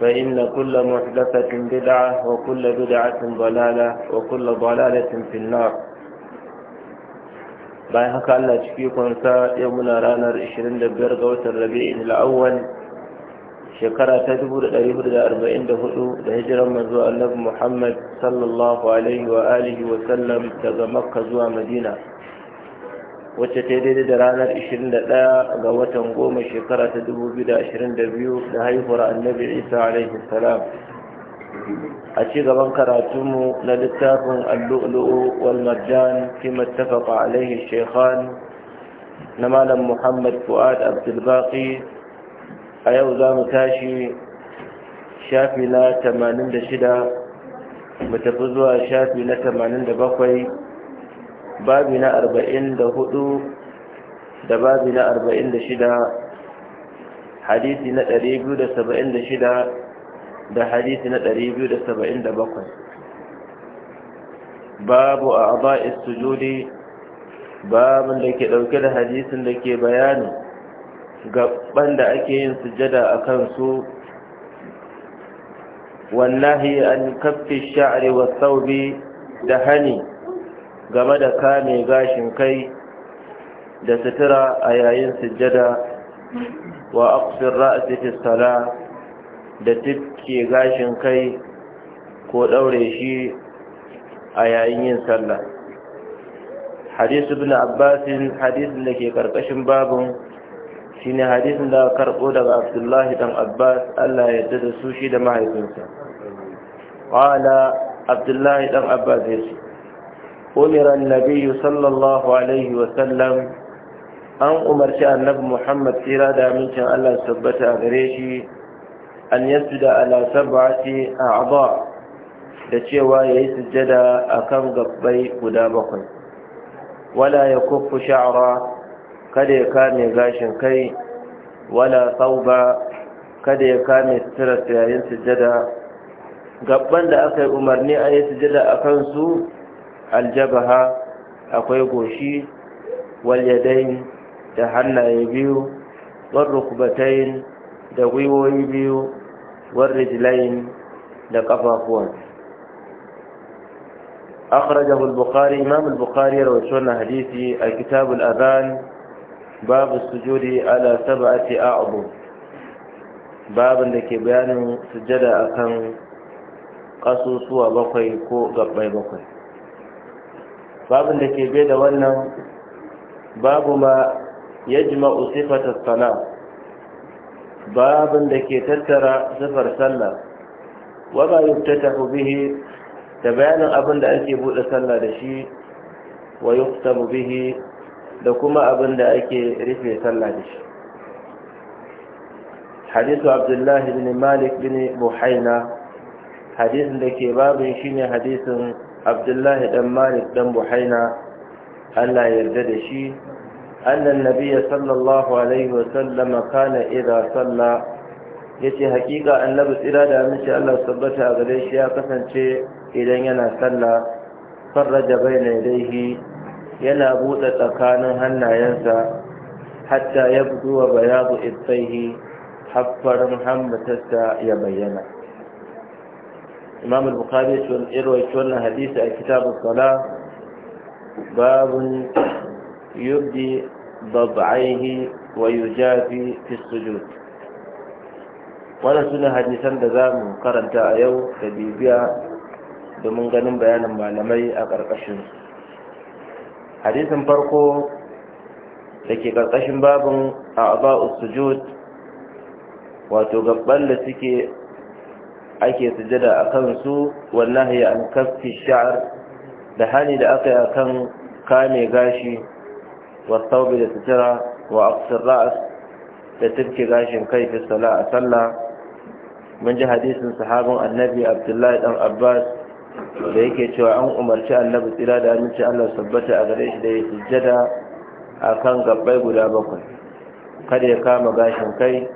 فإن كل محدثة بدعة وكل بدعة ضلالة وكل ضلالة في النار bayan haka Allah ciki kunsa yau muna ranar 25 ga watan Rabi'in al-Awwal shekara ta 1444 da hijiran manzo Annabi Muhammad sallallahu alaihi wa alihi wa sallam daga Makka zuwa Madina wacce ta daidai da ranar 21 ga watan goma shekara ta 2022 da haihuwar annabi isa alaihi salam a ci gaban karatunmu na littafin allu'lu'u wal marjan fi mattafaqa alaihi shaykhan na malam muhammad fuad abdulbaqi a yau za mu tashi shafi na 86 mu tafi zuwa shafi na 87 babi na arba'in da hudu da babi na arba'in da shida hadisi na ɗari biyu da saba'in da shida da hadisi na ɗari biyu da saba'in da bakwai babu a aba'is sujudi babin da ke ɗauke da hadisin da ke bayani gaban da ake yin sujada a kansu wallahi an kafin sha'ari wa saubi da hani game da kame gashin kai da sutura a yayin sujjada wa aqsir ra'si fi salat da tikke gashin kai ko daure shi a yayin yin sallah hadith ibn abbas hadith da ke karkashin babun shine hadith da karbo daga abdullahi dan abbas Allah ya yarda da su shi da mahaifinsa Wala abdullahi dan abbas yace أمر النبي صلى الله عليه وسلم an umarci annabi muhammad Sira da amincin allah tabbata a gare shi an da alasar ba a aba da cewa ya yi sujjada a kan gabbai guda bakwai wala ya kufu sha'ara kada ya kame gashin kai wala sauba kada ya kame sujjada da aka yi umarni a yi sujjada a kansu aljabaha akwai goshi walyadain da hannaye biyu warrukbatain da gwiwoyi biyu warrijlain da ƙafafuwa akhrajahu al-bukhari imam al-bukhari rawaito wannan hadisi a kitab al-adhan bab sujudi ala sab'ati a'dhu babin da ke bayanin sujada akan kasusuwa bakwai ko gabbai bakwai babin da ke bai da wannan babu ma ya jima'u sifatar sana babin da ke tattara sifar sallah waba yi ta bihi da bayanin abin da ake buɗe sallah da shi wa yi bihi da kuma abin da ake rufe sallah da shi Abdullahi bin Malik bin Buhaina hadisun da ke babin shi ne hadisun abdullahi dan malik dan buhaina allah yarda da shi annan nabiya sallallahu alaihi wasallama kana idza salla ce hakika annabi tsira da amince allah tabbata a gare shi ya kasance idan yana sallah farraja baina yadayhi yana buɗe tsakanin hannayensa hatta ya buduwa bayabu ibtaihi har farin hammatarsa ya bayyana imamul al-bukhari ya rawaito wannan hadisi a kitabun sala babun yubdi bab'aihi wa yujafi fi sujud wannan suna hadisan da za mu karanta a yau da bibiya domin ganin bayanin malamai a ƙarƙashin hadisin farko da ke ƙarƙashin babin a sujud wato gabban da suke ake sujada a kansu wannan ya an kafi sha'ar da hannu da aka yi kan kame gashi wasaubi da sutura wa aksar ra'as da tafke gashin kai fi sala a sallah mun ji hadisin sahabin annabi abdullahi dan abbas da yake cewa an umarci annabi tsira da aminci allah sabbata a gare shi da ya sujada a kan gabbai guda bakwai kada ya kama gashin kai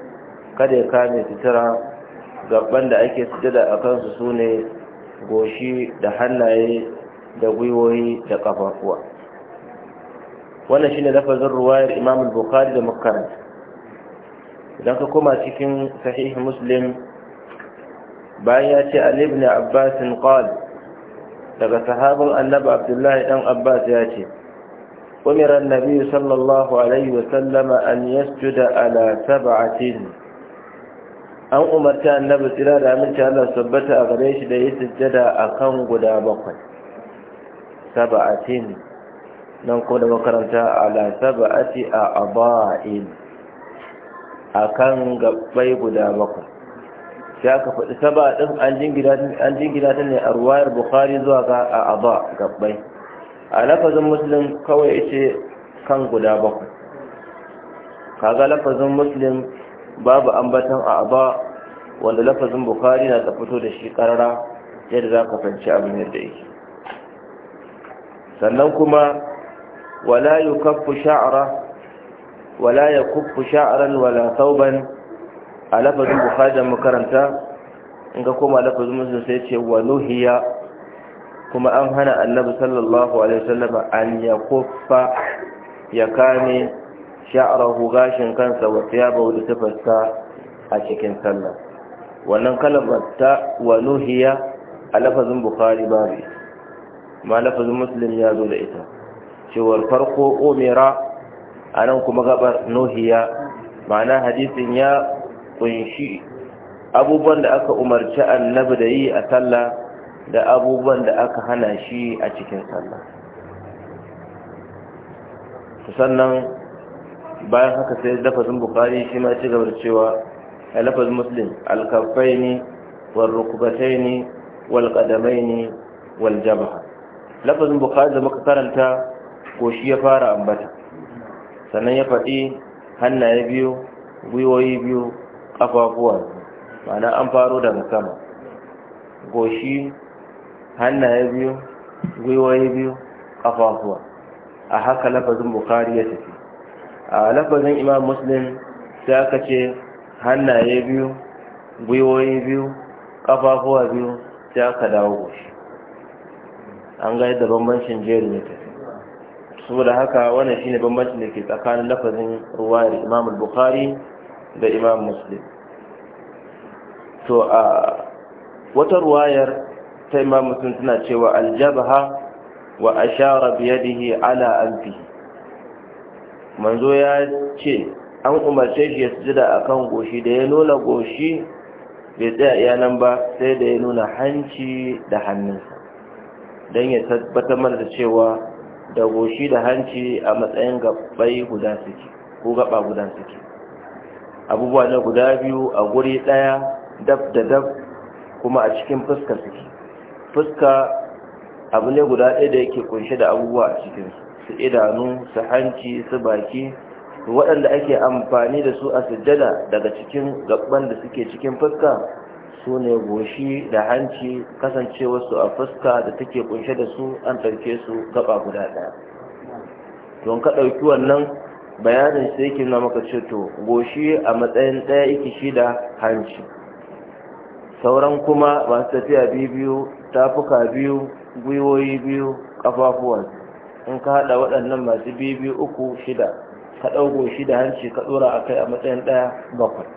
kada ya kame sutura gaban da ake sujada a kansu su ne goshi da hannaye da gwiwoyi da ƙafafuwa wannan shine lafazin ruwayar imam al-bukhari da makaranta idan ka koma cikin sahih muslim bayan ya ce ali ibn qal daga sahabin annabi abdullahi dan abbas ya ce umira an-nabi sallallahu alaihi wa sallama an yasjuda ala sab'atin an umarta annabi tsira da aminci Allah sabbata a gare shi da yi sujjada a kan guda bakwai saba'atin nan kuma da makaranta ala saba'ati a aba'in a kan gabbai guda bakwai sai aka faɗi saba'atin an jingina ta ne a ruwayar bukari zuwa ga a aba gabbai a lafazin musulun kawai ce kan guda bakwai kaga lafazin musulun babu ambatan a'aba wanda lafazin bukari na ta fito da shi karara yadda za ka fanci abin yadda yake sannan kuma wala yukaffu sha'ra wala yakuffu sha'ran wala a lafazin bukari da makaranta in ga koma lafazin musu sai ce wa kuma an hana annabi sallallahu alaihi wasallam an yakuffa ya kame sha'arahu gashin kansa wa thiyabahu da tufarsa a cikin sallah wannan kalmar ta wa nuhiya a lafazin bukhari babu ma lafazin muslim ya zo da ita cewar farko umira a kuma gabar nuhiya ma'ana hadisin ya kunshi abubuwan da aka umarci annabi da yi a sallah da abubuwan da aka hana shi a cikin sallah sannan bayan haka sai lafazin bukari shi ma ci gaba da cewa a lafazin muslim alkafai ne warrukubatai ne walƙadamai ne waljabaha lafazin bukari da muka karanta goshi ya fara ambata sannan ya faɗi hannaye biyu gwiwoyi biyu ƙafafuwa ma'ana an faro daga sama goshi hannaye biyu gwiwoyi biyu ƙafafuwa a haka lafazin bukari ya tafi a lafazin imam muslim sai aka ce hannaye biyu gwiwoyi biyu kafafuwa biyu sai aka dawo goshi an gani da bambancin jerin ya tafi da haka wannan shine bambancin da ke tsakanin lafazin ruwayar imam bukari da imam muslim to a wata ruwayar ta imam muslim tana cewa aljabha wa ashara biyadihi ala anfihi manzo ya ce an umarce shi ya sujada akan goshi da ya nuna goshi bai tsaya iyanan ba sai da ya nuna hanci da hannunsa don ya tabbatar mana da cewa da goshi da hanci a matsayin gabai guda suke ko gaba guda suke abubuwa na guda biyu a guri ɗaya dab da dab kuma a cikin fuska suke fuska abu ne guda ɗaya da yake kunshe da abubuwa a cikinsu su idanu su hanci su baki waɗanda ake amfani da su a sujjada daga cikin gaban da suke cikin fuska su ne goshi da hanci kasancewarsu a fuska da take kunshe da su an ɗauke su gaba guda ɗaya don ka ɗauki wannan bayanin sai yake na maka ce goshi a matsayin ɗaya iki shi da hanci sauran kuma masu tafiya biyu tafuka biyu gwiwoyi biyu ƙafafuwansu in ka haɗa waɗannan masu bibi uku shida ka ɗaugo shida hanci ka ɗora a kai a matsayin ɗaya bakwai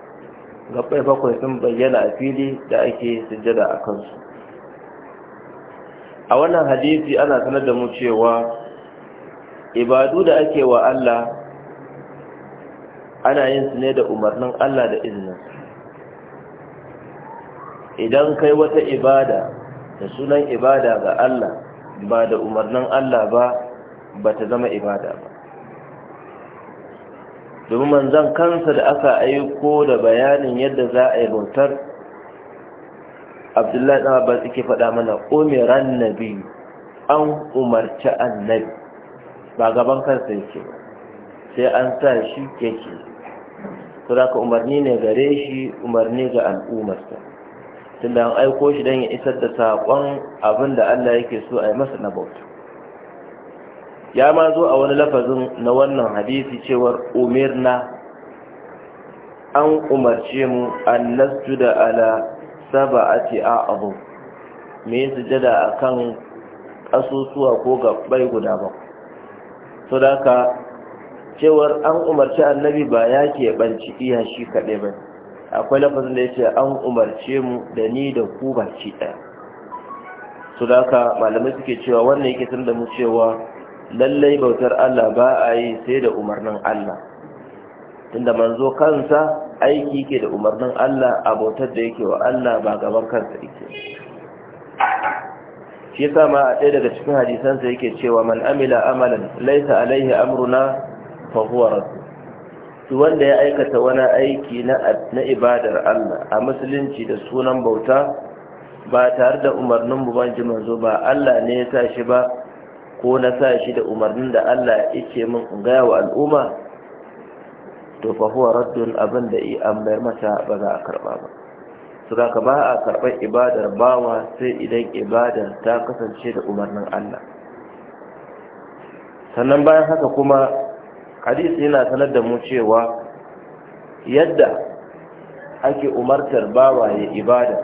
gaɓɓai bakwai sun bayyana a fili da ake sujjada a kansu a wannan hadisi ana sanar da mu cewa ibadu da ake wa Allah ana yin su ne da umarnin Allah da izinin idan kai wata ibada da sunan ibada ga Allah ba da umarnin Allah ba ba ta zama ibada ba domin manzan kansa da aka aiko da bayanin yadda za a yi bautar abdullahi ɗan abbas yake faɗa mana umiran nabi an umarci annabi ba gaban kansa yake ba sai an sa shi yake saboda umarni ne gare shi umarni ga al'ummarsa tunda an aiko shi don ya isar da saƙon abin da Allah yake so a yi masa na bauta ya ma zo a wani lafazin na wannan hadisi cewar umirna an umarce mu an da ala saba'ati mai me sujada kan kasusuwa ko gabbai guda ba su daga cewar an umarci annabi ba ya ke banci iya shi kaɗai ba akwai lafazin da ya ce an umarce mu da ni da ku ci ɗaya su daga malamai suke cewa wannan yake da mu cewa lallai bautar Allah ba a yi sai da umarnin Allah tunda manzo kansa aiki ke da umarnin Allah a bautar da yake wa Allah ba gaban kansa yake shi yasa ma a ɗaya daga cikin hadisansa yake cewa man amila amalan laisa alaihi amruna fa huwa rasul duk wanda ya aikata wani aiki na na ibadar Allah a musulunci da sunan bauta ba tare da umarnin mu ban ji manzo ba Allah ne ya tashi ba ko na sa shi da umarnin da Allah yake min in gaya wa al'umma to fa huwa raddun abin da an bayar masa ba za a karba ba su ka ba a karɓar ibadar bawa sai idan ibadar ta kasance da umarnin Allah sannan bayan haka kuma hadisi yana sanar da mu cewa yadda ake umartar bawa ya ibada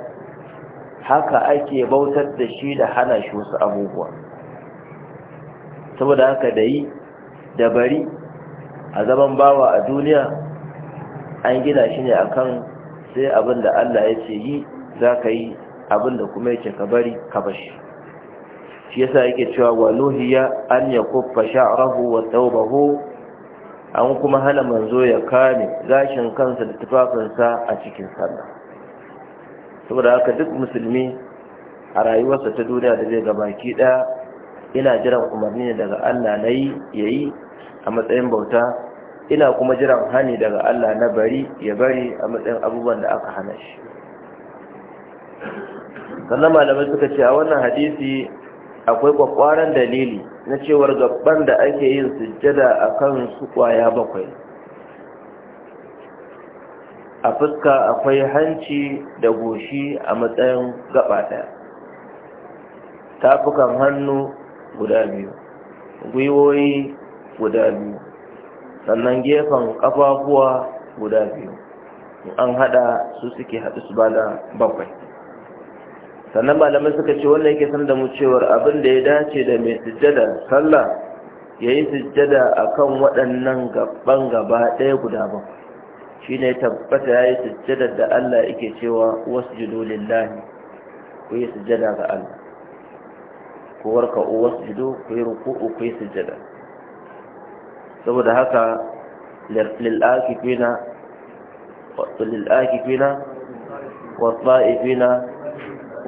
haka ake bautar da shi da hana shi wasu abubuwa saboda haka da yi da bari a zaman bawa a duniya an gina shi ne akan sai abin da Allah ya ce yi za ka yi abin da kuma ya ce ka bari ka bashi shi ya sa yake cewa waluhiya an ya kuffa sha'arahu wa taubahu an kuma hana manzo ya kame gashin kansa da tufafinsa a cikin sallah saboda haka duk musulmi a rayuwarsa ta duniya da zai gabaki ɗaya ina jiran umarni daga Allah na yi ya yi a matsayin bauta ina kuma jiran hani daga Allah na bari ya bari a matsayin abubuwan da aka hana shi sannan malamai suka ce a wannan hadisi akwai kwakwaran dalili na cewar gabban da ake yin sujjada a kan su kwaya bakwai a fuska akwai hanci da goshi a matsayin gaba ɗaya tafukan hannu guda biyu gwiwoyi guda biyu sannan gefen ƙafafuwa guda biyu an haɗa su suke haɗu su bada bakwai sannan malamai suka ce wannan yake sanar da mu cewar abin da ya dace da mai sujjada sallah ya yi sujjada a kan waɗannan gaban gaba ɗaya guda bakwai shi ne tabbata ya yi sujjada da Allah yake cewa wasu lillahi ku yi sujjada ga Allah ku warka uwa ku yi ruku'u ku yi sujjada saboda haka lil'akifina lil'akifina والطائفين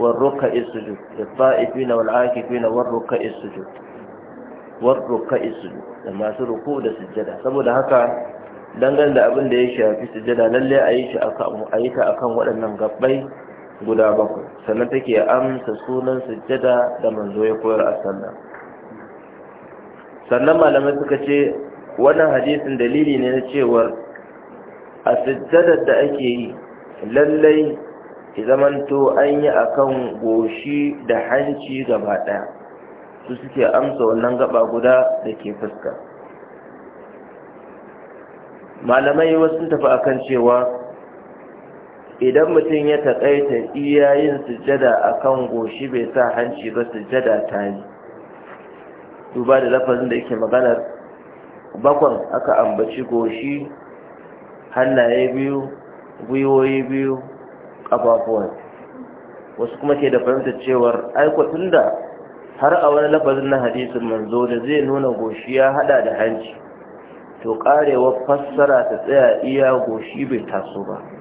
والركع السجود الطائفين والعاكفين والركع السجود والركع السجود لما su ruku da sujjada saboda haka dangane da abin da ya shafi sujjada lalle a yi shi kan waɗannan gabbai guda bakwai sannan take amsa sunan sujjada da manzo ya koyar a sallah sannan malamai suka ce wannan hadisin dalili ne na cewar a sujjadar da ake yi lallai zamanto an yi akan goshi da hanci gaba ɗaya su suke amsa wannan gaba guda da ke fuska malamai wasu tafi akan cewa idan mutum ya taƙaita iya yin sujjada a kan goshi bai sa hanci ba sujada ta yi duba da lafazin da yake maganar bakon aka ambaci goshi hannaye biyu gwiwoyi biyu ƙafafuwan wasu kuma ke da fahimtar cewar aikwatun da har a wani lafazin na hadisin manzo da zai nuna goshi ya hada da hanci to ƙarewar fassara ta tsaya iya goshi bai taso ba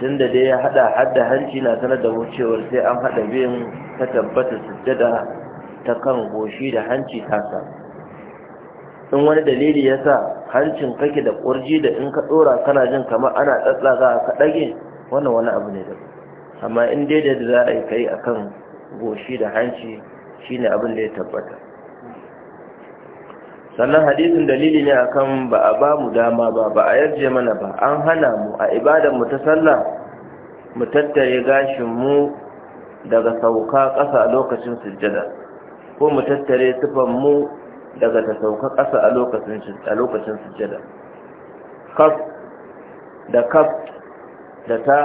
tunda dai ya hada hadda hanci na sanar da wucewar sai an hada biyan ta tabbata sujjada ta kan goshi da hanci tasa in wani dalili ya sa hancin kake da kurji da in ka dora kana jin kamar ana tsatsa za ka dage wannan wani abu ne da amma in dai da za a yi kai akan goshi da hanci shine abin da ya tabbata sannan hadisin dalili ne akan ba a ba mu dama ba ba a yarje mana ba an hana mu a ibadan mu ta sallah mu tattare gashin mu daga sauka ƙasa a lokacin sujjada ko mu tattare tufan mu daga ta sauka ƙasa a lokacin a lokacin sujjada kaf da kaf da ta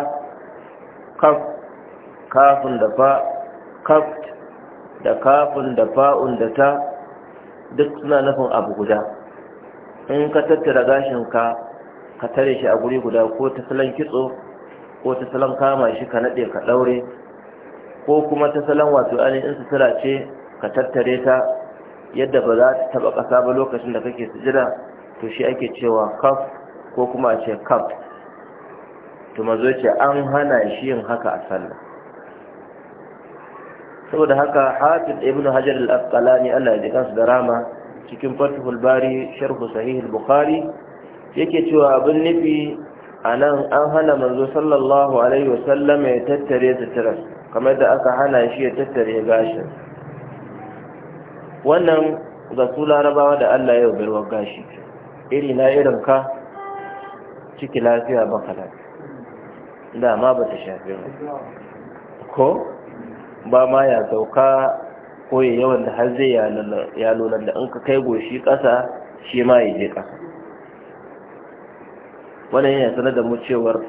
kaf kafun da fa kaf da kafun da fa'un da ta duk suna nufin abu guda in ka tattara gashinka ka tare shi a guri guda ko ta salon kitso ko ta salon kama shi ka naɗe ka ɗaure ko kuma ta salon wato ainihin in sutura ce ka tattare ta yadda ba za ta taɓa ƙasa ba lokacin da kake sujira to shi ake cewa kaf ko kuma a ce kaf to mazo ce an hana shi yin haka a sallah saboda haka hafiz ibn hajar al-asqalani Allah ya jikansu da rama cikin fathul bari sharhu sahih bukhari yake cewa abin nufi anan an hana manzo sallallahu alaihi wasallam ya tattare sutura kamar da aka hana shi ya tattare gashin wannan ga su larabawa da Allah yau birwar gashi iri na irin ka ciki lafiya ba lafiya da ma ba ta shafe ko ba ma ya sauka ko ya yawan da har zai yalolan da in ka kai goshi ƙasa shi ma ya je ƙasa wannan yana sanar da mu cewar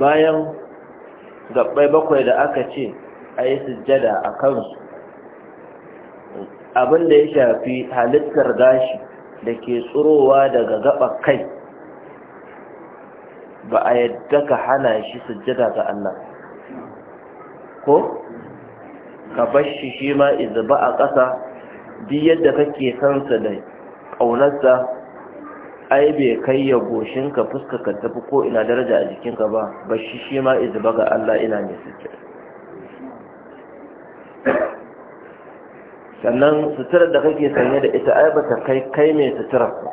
bayan gabbai bakwai da aka ce a yi sujjada a kansu abin da ya shafi halittar gashi da ke tsurowa daga gaba kai ba a yadda ka hana shi sujjada ga Allah ko ka bar shi shi ma izaba a ƙasa bi yadda kake kansa da ƙaunarsa ai bai kai ya goshinka fuska ka tafi ko ina daraja a jikinka ba bar shi shi ma izaba ga Allah ina mai sutura sannan suturar da kake sanye da ita ai bata kai kai mai suturar ba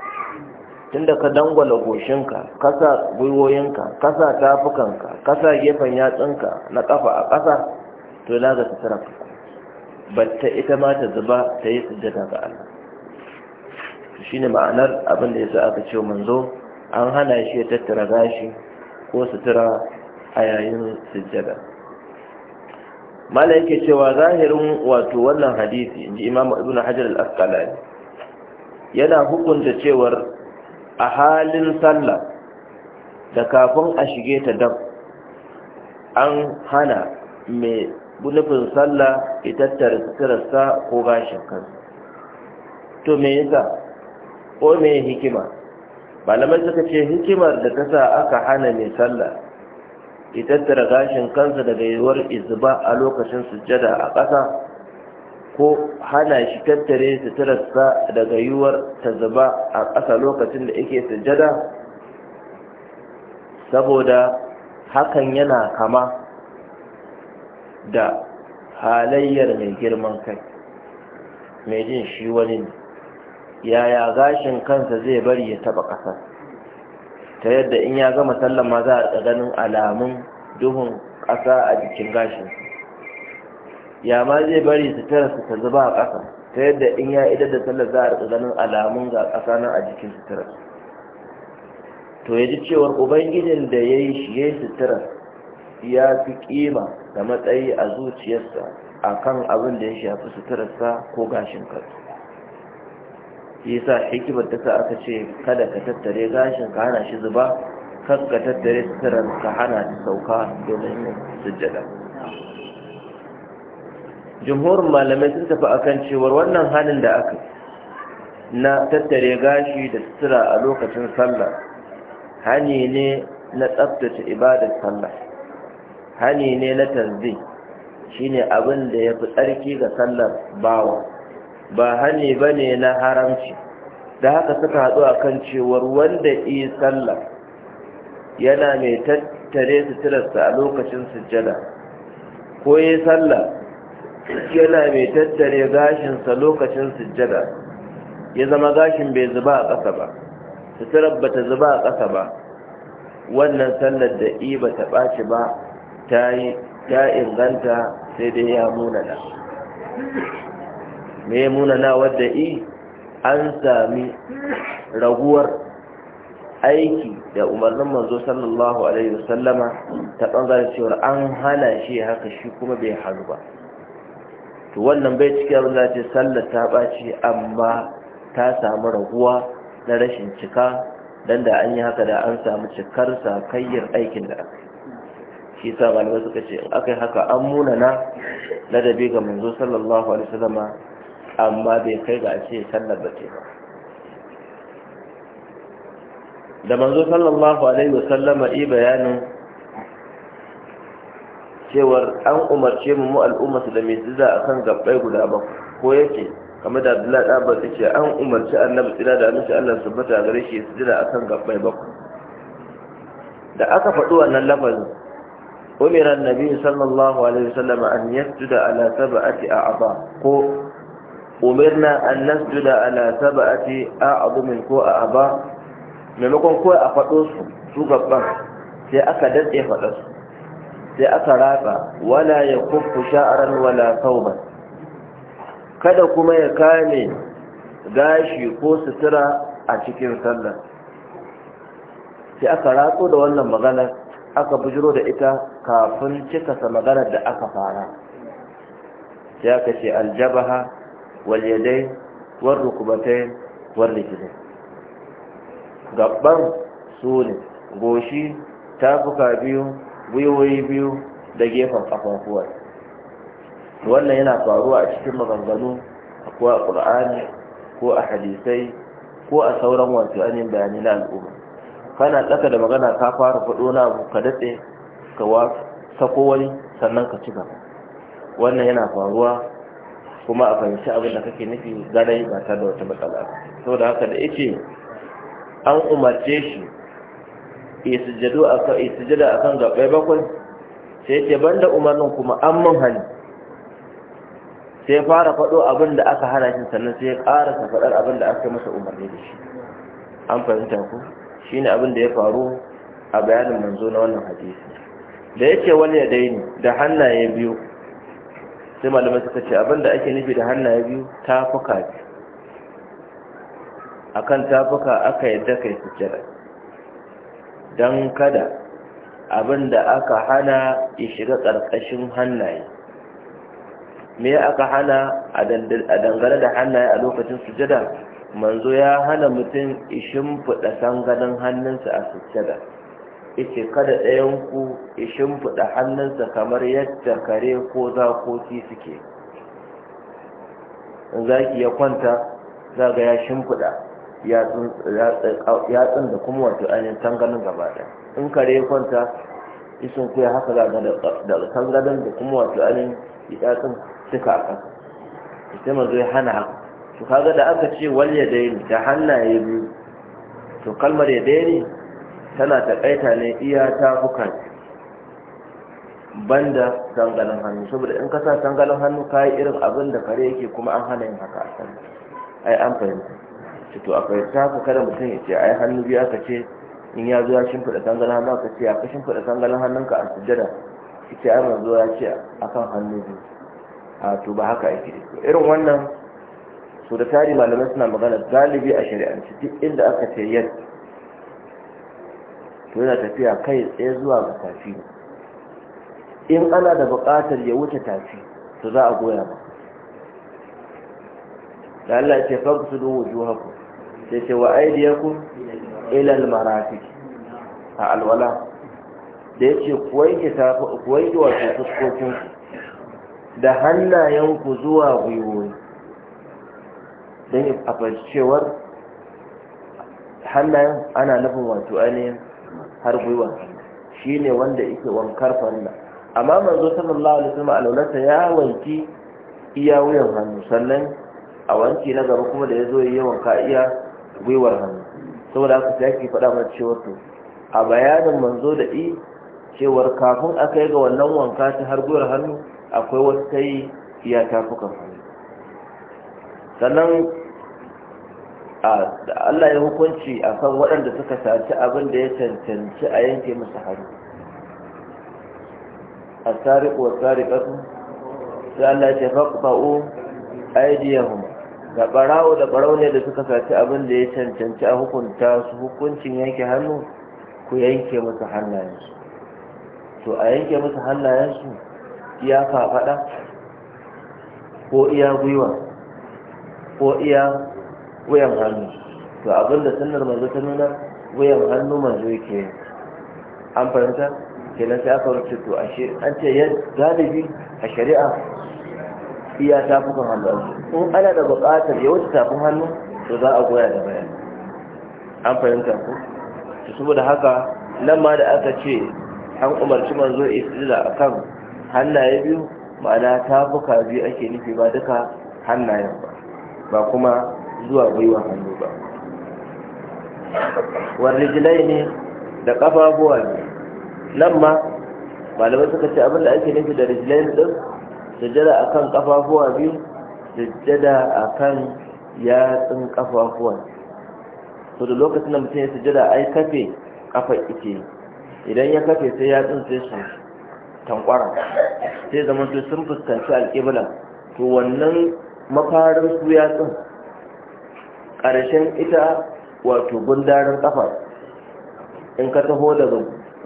tunda ka dangwala goshinka kasa gwiwoyinka kasa tafukanka kasa gefen yatsunka na kafa a kasa to na ga suturar ka batta ita ma ta zuba ta yi sujjada ga Allah shi ne ma'anar abin da ya aka ce manzo an hana shi ya tattara gashi ko sutura a yayin sujjada malayake cewa zahirin wato wannan hadisi inji imam ibn hajar al-asqalani yana hukunta cewar a halin sallah da kafin a shige ta dab an hana mai bulufin sallah ya tattara sirarsa ko gashin kansa to me yasa ko me hikima malamai suka ce hikimar da ta sa aka hana mai sallah ya tattara gashin kansa daga yiwuwar izuba a lokacin sujjada a ƙasa ko hana shi tattare suturarsa daga yiwuwar ta zuba a ƙasa lokacin da yake sujjada saboda hakan yana kama da halayyar mai girman kai mai jin shi wani ne yaya gashin kansa zai bari ya taba ƙasa ta yadda in ya gama sallan ma za a ganin alamun duhun ƙasa a jikin gashin ya ma zai bari su tara su ta zuba a ƙasa ta yadda in ya idar da sallar za a ganin alamun ga ƙasa nan a jikin sutura to ya ji cewar ubangijin da ya yi shi ya yi sutura ya fi kima. da matsayi a zuciyarsa akan abin da ya shafi suturarsa ko gashin kansu shi sa hikimar ta sa aka ce kada ka tattare gashin ka hana shi zuba kan ka tattare suturar ka hana ta sauka domin yin sujjada jumhurin malamai sun tafi akan cewar wannan halin da aka na tattare gashi da sutura a lokacin sallah hani ne na tsabtace ibadar sallah hani ne na tanzi shine abin da ya fi tsarki ga sallar bawa ba hani ba ne na haramci da haka suka haɗu a kan cewar wanda yi sallar yana mai tattare suturarsa a lokacin sujjada ko yi sallar yana mai tattare gashinsa lokacin sujjada ya zama gashin bai zuba a ƙasa ba suturar ba ta zuba a ƙasa ba wannan sallar da iya ba ta ɓaci ba ta inganta sai dai ya munana me munana wadda i an sami raguwar aiki da umarnin manzo sallallahu alaihi wasallama ta ɓangaren cewa an hana shi haka shi kuma bai hannu ba to wannan bai cike abin da ce sallar ta ɓaci amma ta samu raguwa na rashin cika don da an yi haka da an samu cikar sakayyar aikin da aka shi sa malamai suka ce akai haka an munana ladabi ga manzo sallallahu alaihi wasallam amma bai kai ga a ce sallar ba ce da manzo sallallahu alaihi wasallam yi bayanin cewar an umarce mu su da mai akan gabbai guda ba ko yake kamar da Abdullahi da Abbas yace an umarci Annabi tsira da annabi Allah subhanahu wa ta'ala gare shi ya tsira akan gabbai bakwai da aka faɗi wannan lafazin أمر النبي صلى الله عليه وسلم أن يسجد على سبعة أعظام أمرنا أن نسجد على سبعة أعظم كو أعظام maimakon kawai a faɗo su su gaban sai aka datse faɗa sai aka wala ya kufu wala kada kuma ya kame gashi ko sutura a cikin sallah, sai aka ratso da wannan maganar aka bujiro da ita kafin cikasa maganar da aka fara ya ka ce aljabaha walyadai warrukubatai warrikidai gaban su ne goshi tafuka biyu gwiwoyi biyu da gefen kafafuwar wannan yana faruwa a cikin maganganu ko a ƙur'ani ko a hadisai ko a sauran wasu anin bayani na al'umma kana tsaka da magana ka fara faɗo na abu ka daɗe ka sako wani sannan ka ci gaba wannan yana faruwa kuma a fahimci abin da kake nufi gane ba ta da wata matsala sau da haka da ya an umarce shi isujada a kan gaɓai bakwai sai ce ban da umarnin kuma an man hali sai fara faɗo abin da aka hana shi sannan sai ya ta faɗar abin da aka masa umarni da shi an fahimta ku shi ne abin da ya faru a bayanin manzo na wannan hadisi da yake wani ya daini da hannaye biyu sai malamai suka ce abinda ake nufi da hannaye biyu tafuka biyu akan tafuka aka yadda kai sujjada don kada abinda aka hana ya shiga ƙarƙashin hannaye me aka hana a dangane da hannaye a lokacin sujjada manzo ya hana mutum ishin fuɗa sanganin hannunsa a sujjada ita kada ɗayan ku ya shimfida hannunsa kamar yadda kare ko zakoki suke in zaki ya kwanta za ga ya shimfiɗa yatsun da kuma wato ainihin tanganin gaba in kare ya kwanta isin ya haka za ga da tanganin da kuma wato ainihin yatsun suka akan. kasa sai mazo ya hana haka to kaga da aka ce wal yadaini da hannaye biyu to kalmar yadaini tana taƙaita ne iya tafukan banda dangalin hannu saboda in ka sa hannu ka yi irin abin da kare yake kuma an hana yin haka a sani ai an fahimta to a fahimta ku kada mutum ya ce ai hannu biyu aka ce in ya zo ya shimfiɗa dangalin hannu aka ce ya fi shimfiɗa hannun hannunka a sujjada ce ya zo ya ce akan hannu biyu a to ba haka ake irin wannan so da tari malamai suna magana galibi a shari'a duk inda aka ce yadda to yana tafiya kai tsaye zuwa ga tafi in ana da buƙatar ya wuce tafi to za a goya ba da Allah ya ce faqsudu wujuhakum sai ce wa aydiyakum ila al-marafiq a alwala da yace ce tafi kuwanke wato fuskokin da hannayenku zuwa gwiwoyi don a cewar hannayen ana nufin wato ainihin har gwiwa shine wanda yake wankar farilla amma manzo sallallahu alaihi wasallam alaularsa ya wanki iya wuyan hannu sannan a wanki na gaba kuma da ya zo yi wanka iya gwiwar hannu saboda haka sai ake faɗa mana cewa to a bayanin manzo da i cewar kafin a kai ga wannan wanka ta har gwiwar hannu akwai wata ta yi iya tafukan hannu sannan Allah ya hukunci a kan waɗanda suka saci abin da ya cancanci a yanke musu hannu a sariƙo sariƙatu sai Allah ya ce faƙfa'o aidiyahum da ɓarawo da ɓarawo ne da suka saci abin da ya cancanci a hukunta su hukuncin yanke hannu ku yanke musu hannayensu to a yanke musu hannayensu iya faɗa ko iya gwiwa ko iya wuyan hannu to abinda sunnar manzo ta nuna wuyan hannu manzo yake an fahimta kenan sai aka wuce to ashe an ce yan galibi a shari'a iya tafukan hannu in ana da buƙatar ya wuce tafin hannu to za a goya da bayan an fahimta ko. to saboda haka nan ma da aka ce an umarci manzo a kan hannaye biyu ma'ana tafuka biyu ake nufi ba duka hannayen ba ba kuma zuwa gwiwa hannu ba warrijilai ne da ƙafafuwa ne nan ma malamai suka ce abinda ake nufi da rijilai ɗin sujjada a kan ƙafafuwa biyu sujjada a kan yatsun ƙafafuwa su da lokacin da mutum ya sujjada ai kafe ƙafa ike idan ya kafe sai yatsun sai su tankwara sai zama sun fuskanci alƙibla to wannan mafarin su yatsun ƙarshen ita wato gundarin ƙafa in ka taho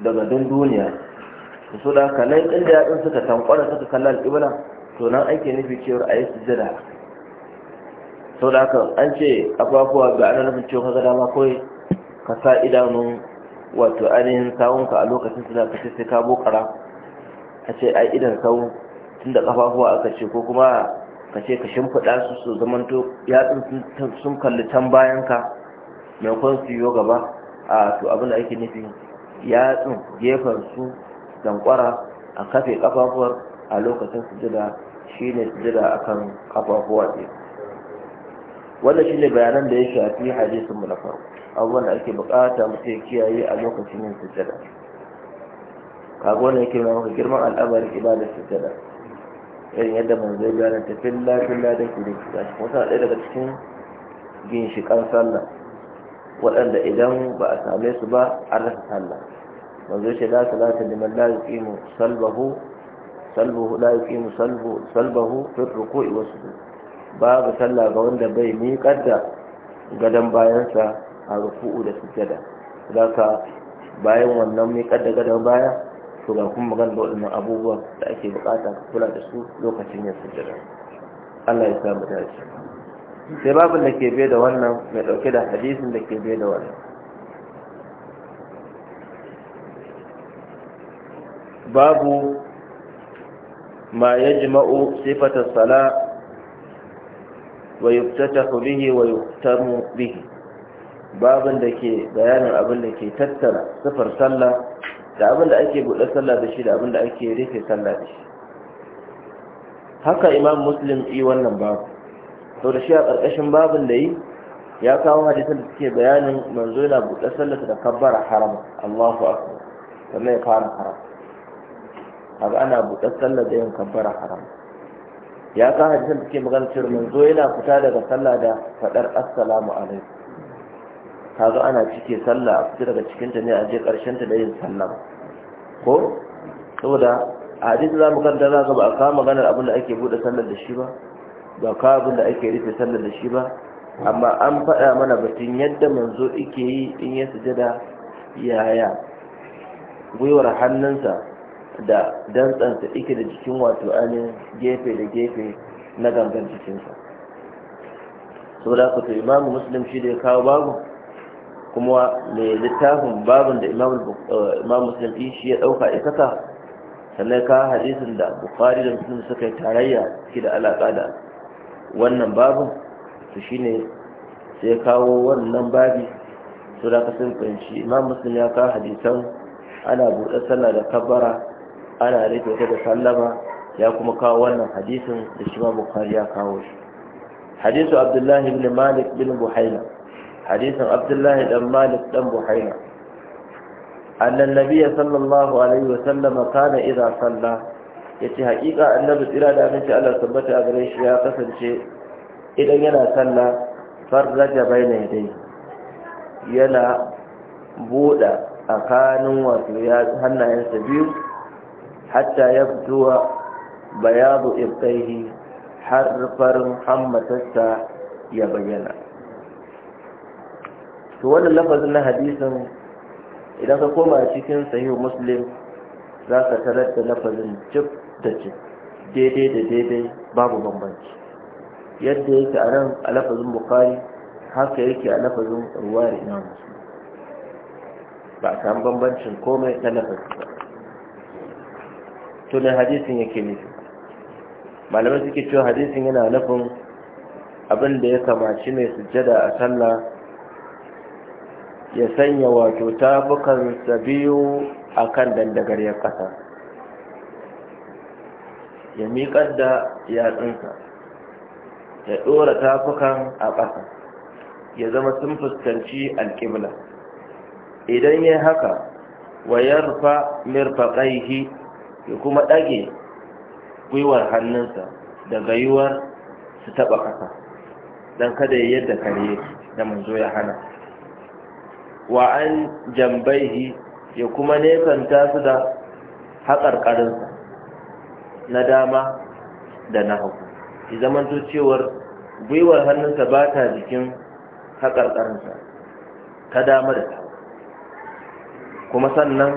daga dunduniya su da kanan inda yaɗin suka tankwara suka kallon ibina to nan ake nufi cewar a yi sujjada sau da haka an ce abubuwa ga ana nufin cewa ka dama kawai ka sa idanun wato ainihin sawunka a lokacin suna kashe sai ka bokara a ce ai idan sawun tun da ƙafafuwa aka ce ko kuma ka ce ka shimfiɗa su su zamanto yatsun sun kalli can bayan ka maimakon su yi gaba a to abin da ake nufi yatsun gefen su dankwara a kafe kafafuwar a lokacin su jira a akan kafafuwa ce wanda shine bayanan da ya shafi hadisin mu na farko abubuwan da ake bukata mutu ya kiyaye a lokacin yin sujada kaga wannan yake nuna maka girman al'amarin ibadar sujada irin yadda manzo ya ta filla filla da ku da kisa shi kuma ɗaya daga cikin ginshiƙan sallah waɗanda idan ba a same su ba an rasa sallah manzo ce la salata liman la yuqimu salbahu salbahu la yuqimu salbu salbahu fi ruku'i wa sujud babu sallah ga wanda bai ni kadda gadan bayansa a ruku'u da sujada zaka bayan wannan miƙar kadda gadan baya to ga kuma magana da waɗannan abubuwa da ake bukata ka kula da su lokacin yin sujjada Allah ya samu dace sai babin da ke bai da wannan mai dauke da hadisin da ke bai da wannan babu ma yajma'u sifata sala wa yuftatahu bihi wa yuftamu bihi babin da ke bayanin abin da ke tattara sifar sallah da abin da ake buɗe sallah da shi da abin da ake rufe sallah da shi haka imam muslim yi wannan babu sau da shi a ƙarƙashin babin da yi ya kawo hadisan da suke bayanin manzo yana buɗe sallah da kabbara haram Allahu akbar sannan ya fara haram haka ana buɗe sallah da yin kabbara haram ya kawo hadisan da suke magana cewa manzo yana fita daga sallah da faɗar assalamu alaikum zo ana cike sallah fita daga cikinta ne a je karshen ta da yin sallah ko saboda a hadisi zamu kanta za ba a kawo maganar abin da ake bude sallar da shi ba ba kawo abin da ake rufe sallar da shi ba amma an faɗa mana batun yadda manzo ike yi in ya sujada yaya gwiwar hannunsa da dantsansa ike da jikin wato ainihin gefe da gefe na gangan jikinsa saboda haka to imamu muslim shi da ya kawo babu kuma mai littafin babin da eh, imam muslim din shi ya ɗauka ya sannan ka hadisun da bukhari da muslim suka yi tarayya suke da alaƙa da wannan babin to shine sai kawo wannan babi su da kasan fahimci imam muslim ya kawo hadisan ana buɗe sallah da kabbara ana rufe ta da sallama ya kuma kawo wannan hadisin da shi ma bukhari ya kawo shi hadisu abdullahi ibn malik bin buhaina hadisin abdullahi dan malik dan buhaina annan nabiya sallallahu alaihi wasallama kana idza salla yace haƙiƙa annabi tsira da Allah sabbata a gare shi ya kasance idan yana salla farraja baina dai yana buɗa tsakanin wato hannayensa biyu hatta ya fitowa bayabu ibtaihi har farin hammatarsa ya bayyana to wannan lafazin na hadisin idan ka koma cikin sahihu muslim za ka tarar da lafazin cif da cif daidai da daidai babu bambanci yadda yake a nan a lafazin bukari haka yake a lafazin ruwayar ina musu ba a samu bambancin komai na lafazin ba tunan hadisin yake nufi malamai suke cewa hadisin yana nufin abin da ya kamaci mai sujjada a sallah ya sanya wato tafukansa biyu a kan ya ƙasa ya miƙar da yatsunsa ya ɗora tafukan a ƙasa ya zama sun fuskanci alƙibla idan ya haka wa ya rufa mirfaƙaihi ya kuma ɗage gwiwar hannunsa da yiwuwar su taɓa ƙasa don kada ya yadda kare da manzo ya hana wa an jambaihi ya kuma nesanta su da haƙarƙarinsa na dama da na hagu ya zamanto cewar gwiwar hannunsa ba ta jikin haƙarƙarinsa ta dama da ta kuma sannan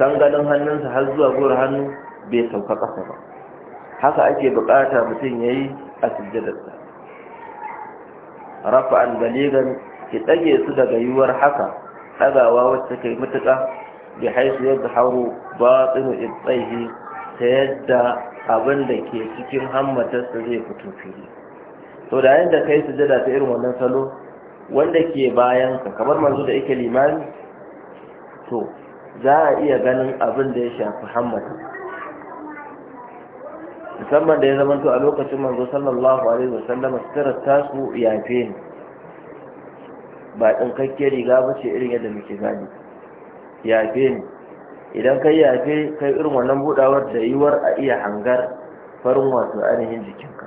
tangalin hannunsa har zuwa gwiwar hannu bai sauka ƙasa ba haka ake buƙata mutum ya yi a sujjadarsa rafa'an baligan ki tsage su daga yiwuwar haka tsagawa wacce kai mutuƙa bi haisu yadda haru ba tsinu itsaihi ta yadda abin da ke cikin hammatarsa zai fito fili to da yadda kai jada ta irin wannan salo wanda ke bayan ka kamar manzo da yake limani to za a iya ganin abin da ya shafi hammata musamman da ya zamanto a lokacin manzo sallallahu alaihi wasallam sitarar tasu yafe ne ba tsinkakke riga ba ce irin yadda muke gani yafe ne idan kai yafe kai irin wannan buɗawar da yiwuwar a iya hangar farin wato ainihin jikinka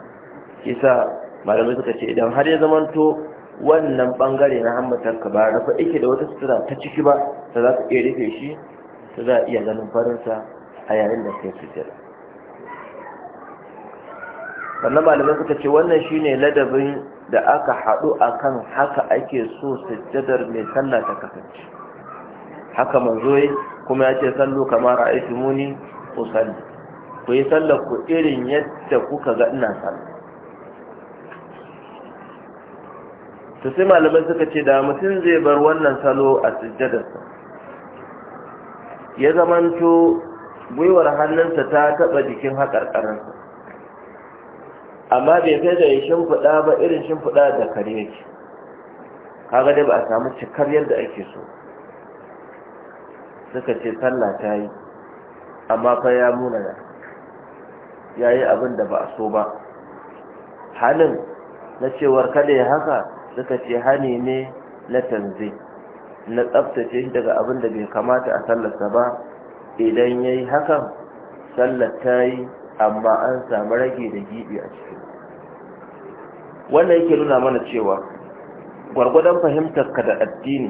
kisa malamai suka ce idan har ya zamanto wannan ɓangare na hammatarka ba rafa ike da wata sutura ta ciki ba ta za ta iya rufe shi ta za a iya ganin farinsa a yayin da kai sujjada sannan malamai suka ce wannan shine ladabin da aka haɗu akan haka ake so sujjadar mai sallah ta kasance haka manzo kuma ya ce sallu kamar ko sallu ku yi sallar ku irin yadda kuka ga ina sallu to sai malamai suka ce da mutum zai bar wannan salo a sujjadarsa ya zamanto gwiwar hannunsa ta taɓa jikin haƙarƙarinsa amma bai kai da ya shimfiɗa ba irin shimfiɗa da kare yake kaga dai ba a samu cikar yadda ake so suka ce sallah ta yi amma fa ya da. ya yi abin da ba a so ba halin na cewar kada ya haka suka ce hani ne na tanzi na tsabtace shi daga abin da bai kamata a sallarsa ba idan ya yi hakan sallar ta yi amma an samu rage da gibi a cikin wannan yake nuna mana cewa gwargwadon ka da addini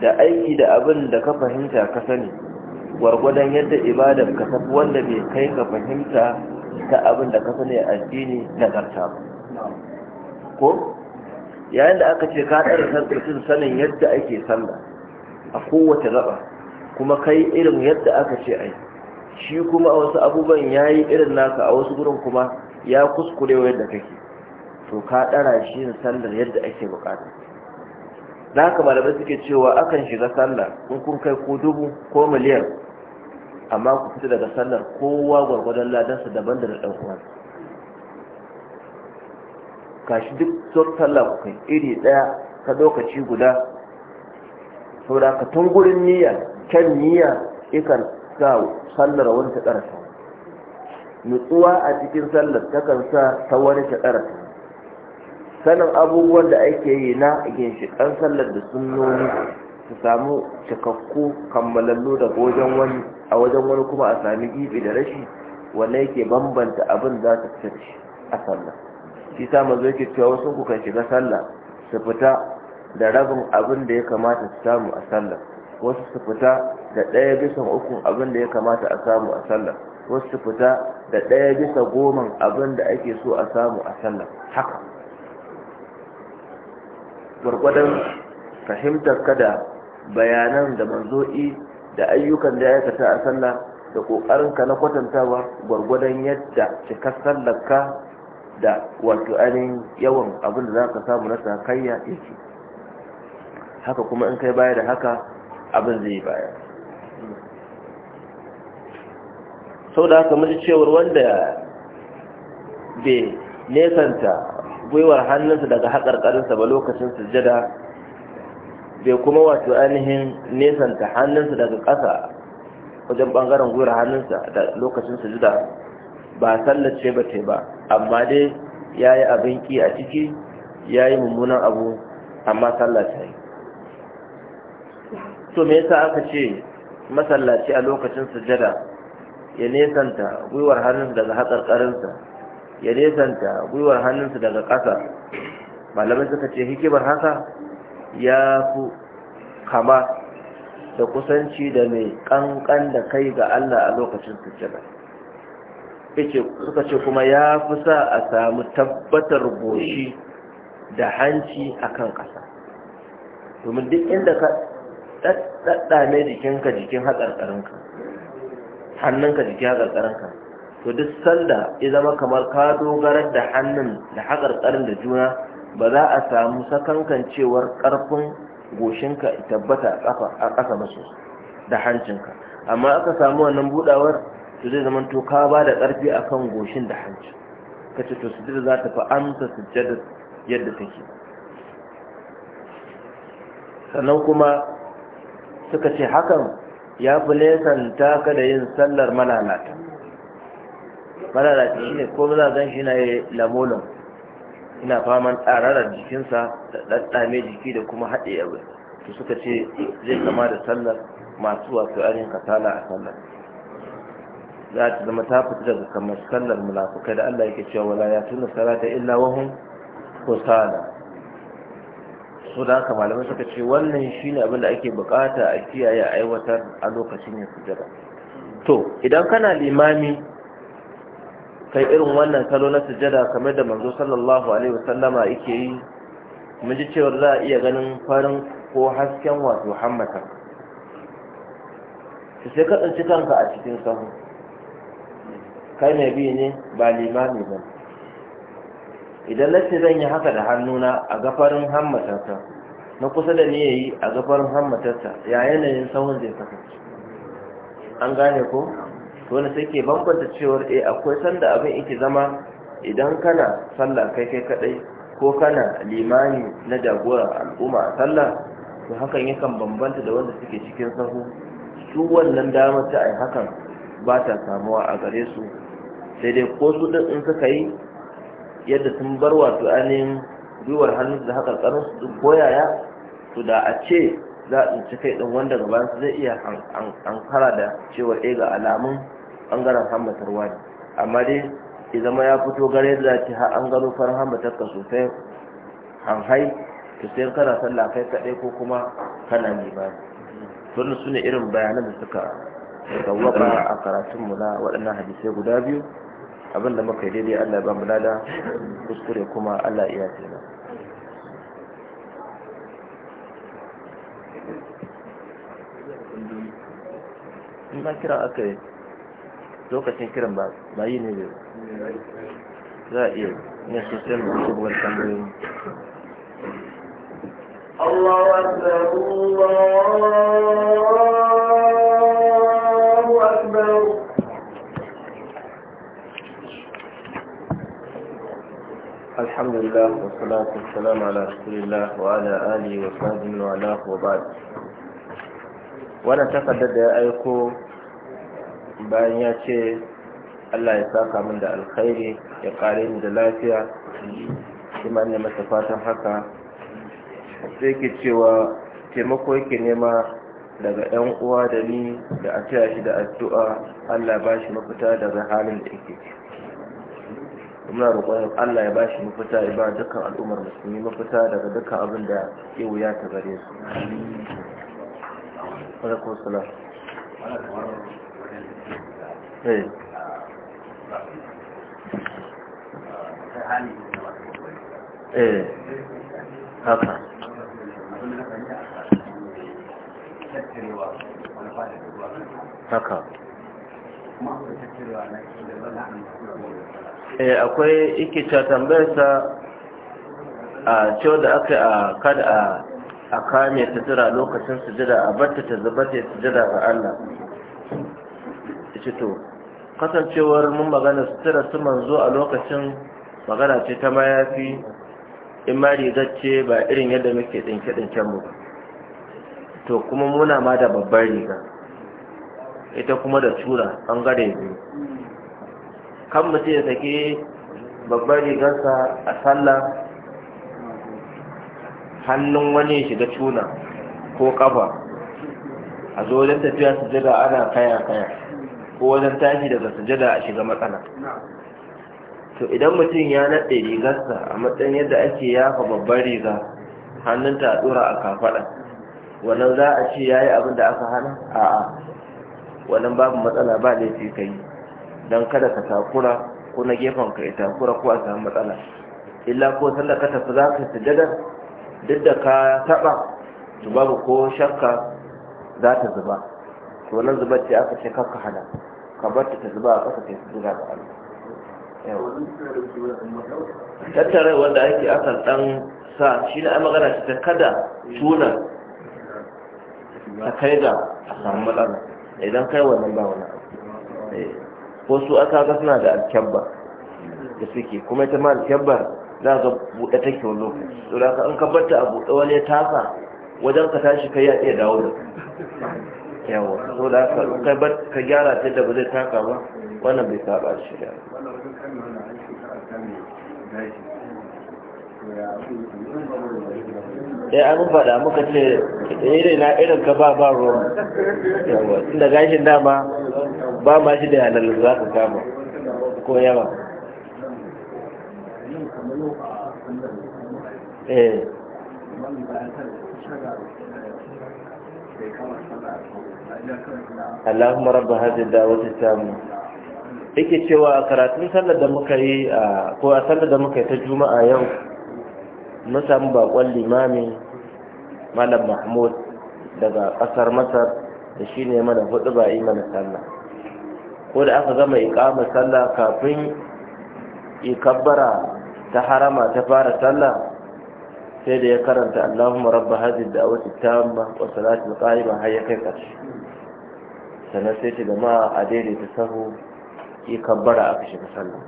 da aiki da abin da ka fahimta ka sani gwargwadon yadda ibadar ka tafi wanda bai kai ka fahimta ta abin da ka sani addini na nagarta ko yayin da aka ce ka ɗara sankarcin sanin yadda ake sallah a kowace raba, kuma kai irin yadda aka ce aiki shi kuma a wasu abubuwan ya yi irin naka a wasu gurin kuma ya kuskure wa yadda kake to ka ɗara shi na sallar yadda ake bukata da haka suke cewa akan shiga sallar in kun kai ko dubu ko miliyan amma ku fita daga sallar kowa gwargwadon ladansa daban da na ɗan ka kashi duk sun sallah ku kai iri ɗaya ka lokaci guda saboda ka tun gurin niyya kyan niyya ikan sa sallar wani ta nutsuwa a cikin sallar takan sa ta wani ta sanin abubuwan da ake yi na ginshiƙan sallar da sunnoni su samu cikakku kammalallo daga wajen wani a wajen wani kuma a sami gibi da rashi wanda yake bambanta abin za ta fita a sallar shi sa mazo yake cewa wasu kukan shiga sallar su fita da rabin abin da ya kamata su samu a sallar. wasu su fita da ɗaya bisa ukun abin da ya kamata a samu a sallah wasu su fita da ɗaya bisa goman abin da ake so a samu a sallah haka gwargwadon fahimtar kada bayanan da manzo'i da ayyukan da ya aikata a sallah da ƙoƙarinka na kwatantawa gwargwadon yadda cikar sallarka da wato ainihin yawan abin da za ka samu na sakayya yake haka kuma in kai baya da haka abin zai baya sau da haka mace cewar wanda bai nesanta gwiwar hannunsa daga ƙarinsa ba lokacin sujjada bai kuma wato ainihin nesanta hannunsa daga ƙasa wajen ɓangaren gwiwar hannunsa da lokacin sujjada ba sallace ba ce ba amma dai ya yi abin ki a ciki ya yi mummunan abu amma sallace to me yasa aka ce masallaci a lokacin sujada ya nesanta gwiwar hannunsa daga hatsarkarinsa ya nesanta gwiwar hannunsa daga ƙasa malamai suka ce hikimar haka ya fi kama da kusanci da mai ƙanƙan da kai ga Allah a lokacin sujada suka ce kuma ya fi sa a samu tabbatar goshi da hanci akan ƙasa domin duk inda ka ne jikinka jikin haƙarƙarinka hannunka jikin haƙarƙarinka to duk sanda ya zama kamar ka dogarar da hannun da haƙarƙarin da juna ba za a samu sakankan cewar ƙarfin goshinka tabbata a ƙasa maso da hancinka amma aka samu wannan buɗawar to zai zama to ka ba da ƙarfi akan goshin da hancin ka ce to su jira za ta fi amsa sujjada yadda take sannan kuma suka ce hakan ya fi nesanta ka da yin sallar malalata malalata shi ne ko za zan shi na yi lamolin ina faman tsararar jikinsa da ɗaɗɗame jiki da kuma haɗe abu su suka ce zai kama da sallar masu wasu arin kasala a sallar za ta zama ta fita daga kamar sallar munafukai da Allah yake cewa wala ya tuna salata illa ko kusala so da haka malamai suka ce wannan shine abin da ake bukata a kiyaye aiwatar a lokacin ya sujada to idan kana limami kai irin wannan salo na sujada kamar da manzo sallallahu alaihi wasallama yake yi mun ji cewa za a iya ganin farin ko hasken wato hammata sai ka tsinci kanka a cikin sahu kai mai bi ne ba limami ba idan lace zan yi haka da hannuna a gafarin hammatarsa na kusa da ni ya yi a gafarin hammatarsa ya yanayin sahun zai kasance an gane ko wani sai ke bambanta cewar eh akwai sanda abin yake zama idan kana sallah kai kai kadai ko kana limani na jagora al'umma a sallah to hakan yakan bambanta da wanda suke cikin sahu su wannan damar ta ai hakan ba ta samuwa a gare su sai dai ko su din in suka yi yadda sun bar wato ainihin gwiwar hannu da haka tsarinsu su goyaya su da a ce za a tsinci kai ɗin wanda gaban su zai iya ankara da cewa ɗaya eh ga alamun ɓangaren hammatar wani amma dai ya zama ya fito gare da ce an gano farin hammatar ka sosai hanhai to sayan kana sallah kai kaɗai ko kuma kana limani wannan su ne irin bayanan da suka gawaba a karatunmu na waɗannan hadisai guda biyu abin da muka yi daidai Allah ya ba mu lada kuskure kuma Allah iya tsira in ba kira aka yi lokacin kiran ba ba yi ne ba za a iya ne sosai mu shigo wani tambayoyi الله أكبر الله أكبر الحمد لله والصلاة والسلام على رسول الله وعلى آله وصحبه وعلاه وبعد وانا تقدد ايكو bayan ya ce Allah ya saka min da alkhairi ya kare ni da lafiya shi ma ne haka sai ke cewa taimako yake nema daga yan uwa da ni da a taya shi da addu'a Allah bashi mafita daga halin da yake ciki muna roƙon Allah ya ba shi mafita ya ba dukkan al'ummar musulmi mafita daga dukkan abin da ya wuya ta gare su. Eh, akwai ikita tambayarsa a cewa da aka a kada a kame tura lokacin sujada a batta ta zabata ya sujada ga Allah to kasancewar mun magana sujada su manzo a lokacin magana ce ta mayafi in ma ce ba irin yadda muke dinke dinken mu to kuma muna ma da babbar riga ita kuma da tura bangare biyu kan mutum ya take babbar rigarsa a sallah hannun wani ya shiga cuna ko kafa a zo wajen tafiya sujada ana kaya kaya ko wajen tashi daga sujada a shiga matsala to idan mutum ya naɗe rigarsa a matsayin yadda ake yafa babbar riga hannunta a tsura a kafaɗa wannan za a ce ya yi abin da aka hana a'a wannan babu matsala ba laifi ka yi don kada ka takura ko na gefen ka ya takura ko a samu matsala illa ko sanda ka tafi za ka sujada duk da ka taɓa to babu ko shakka za ta zuba to nan zubar ce aka ce kakka hana ka bar ta zuba a ƙasa ta zuba ga Allah tattare wanda ake akan dan sa shi na magana shi ta kada tuna ta kai ga a samu matsala idan kai wannan ba wani abu eh. ko su aka ga suna da alkyabba da suke kuma ita ma alkyabba za ka buɗe take wani lokaci to da ka an ka barta a buɗe wani ya taka wajen ka tashi kai ya iya dawo da yawa so da ka kai bar ka gyara ta da ba zai taka ba wannan bai saba shi da ya eh, an faɗa muka ce eh, irin na irin ka ba ba ruwan yawa tun gashin dama ba ma shi da yanar za ka kama ko yawa eh Allahumma rabba hadhihi da'wati tamu yake cewa karatun sallar da muka yi ko a sallar da muka yi ta juma'a yau mun samu bakon limami malam mahmud daga kasar masar da shine mana hudu ba yi mana ko da aka gama iqamar sallah kafin ikabbara ta harama ta fara sallah sai da ya karanta Allahumma rabba hadhihi da'wati tamma wa salati qaima har ya kai kace sannan sai ta gama a daidaita sahu ikabbara a cikin sallah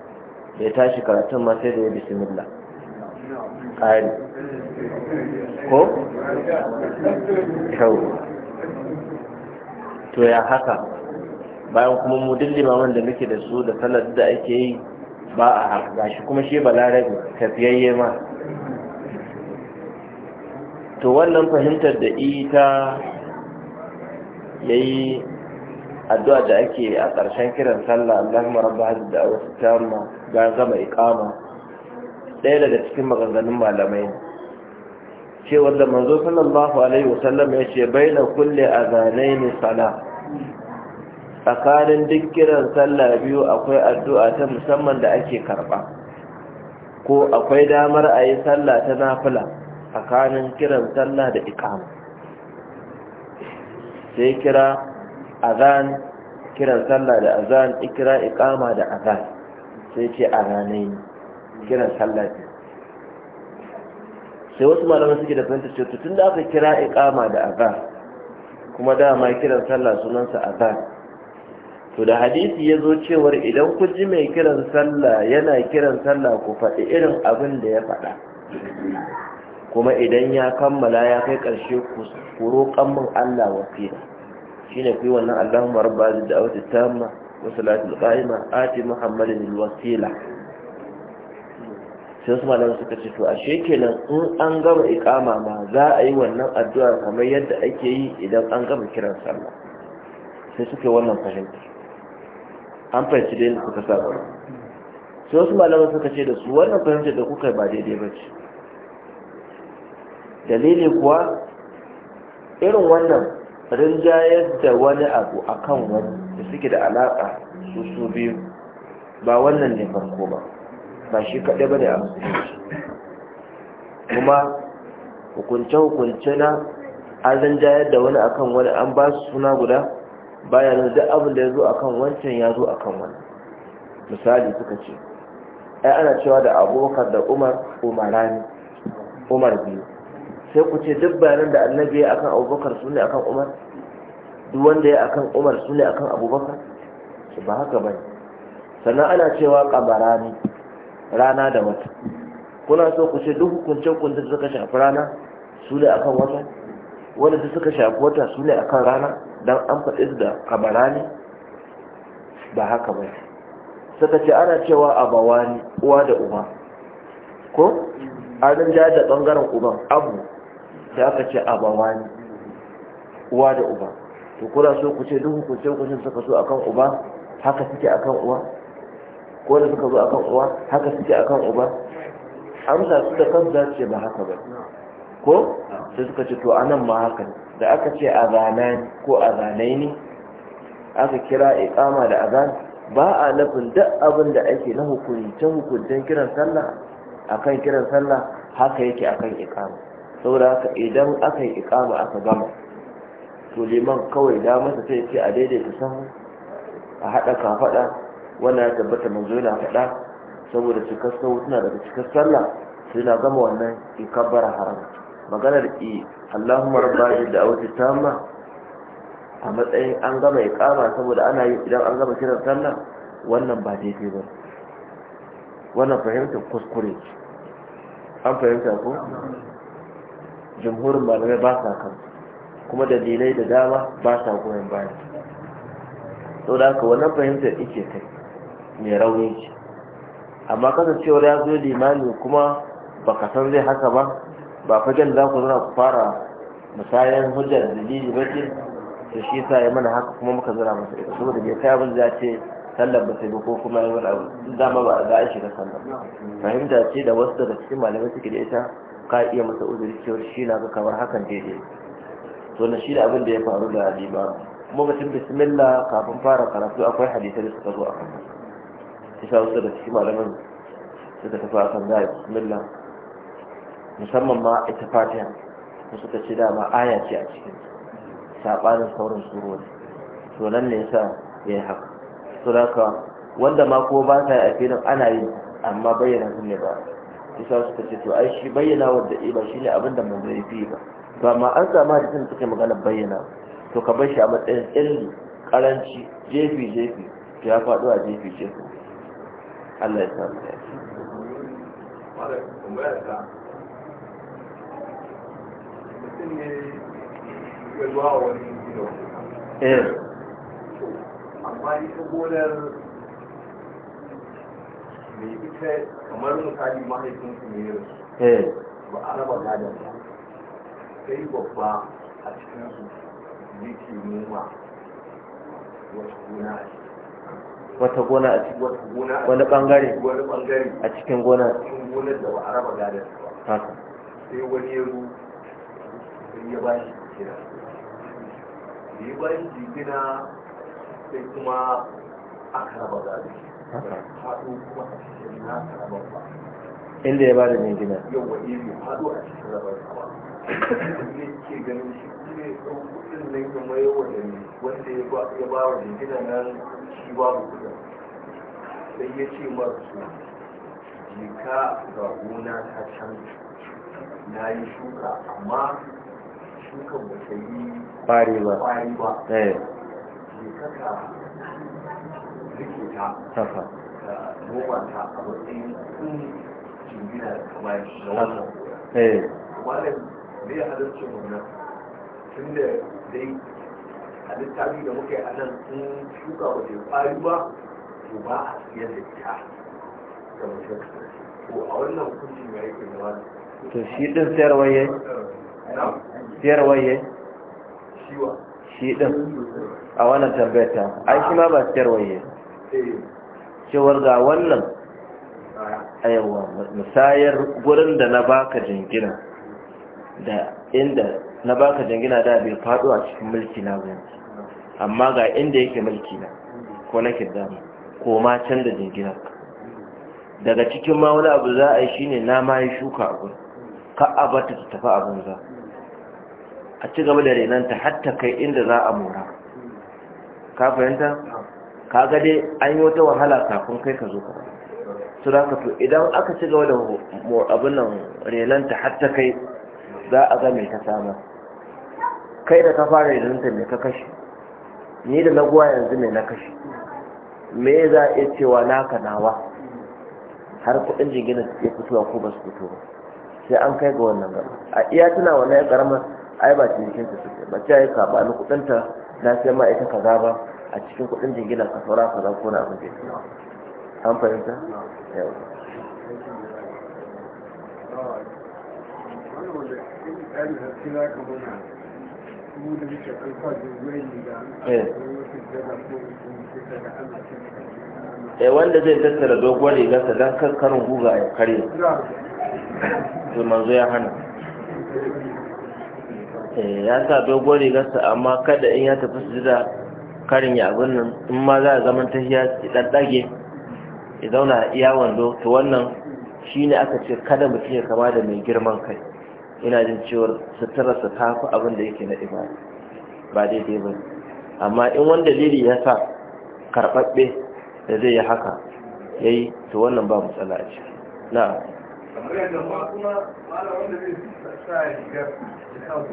da ya tashi karatun ma sai da ya bismillah ƙari ko? yau to ya haka bayan kuma mu duk da muke da su da salat da ake yi ba a harka shi kuma shi balarabe tafiyayye ma to wannan fahimtar da ita yayi addu'a da ake a ƙarshen kiran sallah Allahumma rabba hadd da'wati tamma ga gama iqama ɗaya daga cikin maganganun malamai cewa da manzo sallallahu alaihi wasallam ya ce baina kulli adhanaini salat tsakanin duk kiran sallah biyu akwai addu'a ta musamman da ake karɓa ko akwai damar a yi sallah ta nafila tsakanin kiran sallah da ikama sai kira azan kiran sallah da azan ikira ikama da azan sai ce a ranai kiran sallah biyu sai wasu malamai suke da fahimtar cewa tun da aka kira ikama da azan kuma dama kiran sallah sunansa azan to da hadisi ya zo cewar idan ku ji mai kiran sallah yana kiran sallah ku faɗi irin abin da ya faɗa kuma idan ya kammala ya kai ƙarshe ku roƙan min Allah wasila shine ku yi wannan Allahumma rabba zid da'awati tamma wa salatul qa'ima ati muhammadin al-wasila sai su malamu suka ce to sheke kenan in an gama ikama ma za a yi wannan addu'a kamar yadda ake yi idan an gama kiran sallah sai suke wannan fahimtar. an fahimci dai suka sa gaba sai wasu malamai suka ce da su wannan fahimtar da kuka ba daidai ba ce dalili kuwa irin wannan rinjayar da wani abu a kan wani da suke da alaƙa su su biyu ba wannan ne farko ba ba shi kaɗai ba ne a musulunci kuma hukunce-hukunce na an rinjayar da wani akan wani an ba su suna guda baya da duk abin da ya zo a kan wancan ya zo a kan wani misali suka ce ai ana cewa da abokan da umar umarani umar biyu sai ku ce duk bayanan da annabi ya akan abubakar su ne akan umar duk wanda ya akan umar su ne akan abubakar su ba haka bane sannan ana cewa kamarani rana da wata kuna so ku ce duk hukuncin kun da suka shafi rana su ne akan wata wanda suka shafi wata su ne akan rana don an faɗi da kabarani ba haka ba suka ce ana cewa abawani uwa da uba ko an ja da ɓangaren uban abu da aka ce abawani uwa da uba to kuna so ku ce duk ku hukuncin suka so akan uba haka suke akan uwa ko da suka zo akan uwa haka suke akan uba amsa su da kan za ce ba haka ba ko sai suka ce to anan ma haka ne da aka ce azanan ko azanai ne aka kira iqama da azan ba a nufin duk abin da ake na hukuncin hukuntan kiran sallah akan kiran sallah haka yake akan iqama saboda haka idan aka yi iqama aka gama to liman kawai da masa sai ce a daidaita san a hada fada wannan ya tabbata manzo yana faɗa saboda cikar sahu tana daga cikar sallah sai na gama wannan ikabbar haramta maganar i Allahumma rabbi da awati tamma a matsayin an gama iqama saboda ana yin idan an gama kiran sallah wannan ba daidai ba wannan fahimta kuskure an fahimta ko jumhurin malamai ba sa kan kuma dalilai da dama ba sa goyon baya da haka wannan fahimtar ike kai mai rauni ce amma kasancewar ya zo limani kuma baka san zai haka ba ba fagen za ku zana ku fara musayan hujjar dalili ba ce to shi yasa ya mana haka kuma muka zana masa ita saboda bai kai abin da ce sallar ba sai ba ko kuma ya wani abu dama ba za a shiga sallar fahimta ce da wasu daga cikin malamai suke da ita ka iya masa uzuri cewar shi na ga kamar hakan daidai to na shi da abin da ya faru da limamu kuma batun bismillah kafin fara karatu akwai hadisai da suka zo a kan shi sa wasu daga cikin malamai suka tafi akan za a bismillah musamman ma ita fatiha su suka ce dama aya ce a cikin saɓanin sauran surori to nan ne yasa ya yi haka to haka wanda ma ko ba ta yi a filin ana yi amma bayyana sun ne ba isa suka ce to ai shi bayyana wanda ba shi ne abinda da zai fi ba to amma an samu hadisin suke magana bayyana to ka bar shi a matsayin ilmi karanci jefi jefi to ya faɗo a jefi jefi Allah ya samu ya ce. mutum ne ya zuwa wani gido eh. amma ita gonar mai ita kamar misali mahaifinsu ne yau eh. ba a raba gadon ba sai babba a cikinsu yake noma wata gona a ciki wata gona a cikin wani bangare a cikin gona da ba a raba gadon haka sai wani ya sai ya bashi jingina da ya bashi jingina sai kuma aka raba gado Haɗu kuma a cikin na aka ba inda ya bada Yau yawa iri eh, haɗo a cikin raba ba ne ke ganin shi ne ɗan kuɗin nan kuma yawa da ne wanda ya ba wa jingina nan shi babu kuɗin sai ya ce marasu jika ga gona ta can na yi shuka amma shukan ba ta yi kwari ba eh. ta a matsayin da kamar wannan eh wannan wannan tun da a da muka yi a nan sun shuka ba ta yi ba to ba a siyar da ita to a wannan ya yi to shi sayarwa waye shi ɗin a wannan tambayata ai shi ma ba waye. Eh. cewar ga wannan ayawa, musayar gurin da na baka jingina da inda na baka jingina da bai faɗo a cikin mulki na yanzu amma ga inda yake mulki na ko na kirdama ko ma can da jingina daga cikin ma wani abu za a yi shine na ma yi shuka abu ka a ta tafi abin za a ci gaba da renanta hatta kai inda za a mora ka fahimta ka gade an yi wata wahala kafin kai ka zo ka su da ka to idan aka ci gaba da abin nan renanta hatta kai za a ga mai ka sama kai da ka fara renanta mai ka kashe ni da naguwa yanzu mai na kashe me za a iya cewa naka nawa har kudin jingina ya fitowa ko ba su fito ba sai an kai ga wannan gaba a iya tuna na ya karamar ai ba cikin ta suke ba ta yi kaba na ni kuɗin ta na sai ma ita kaza ba a cikin kuɗin jingina ka saura kaza ko na abin da an fahimta yau eh. eh wanda zai tattara doguwar rigarsa don kankanin guga ya kare su manzo ya hana Eh, ya sa dogon rigarsa amma kada in ya tafi su da karin ya abin nan in ma za a zaman ya dan ɗage, ya zauna iya wando to wannan shi ne aka ce kada mutum ya kama da mai girman kai ina jin cewar suturarsa ta fi abin da yake na ibada ba daidai ba amma in wani dalili ya sa karɓaɓɓe da zai yi haka ya yi to wannan ba matsala a ciki na'am kamar yadda ma kuma wanda zai sa ya sa a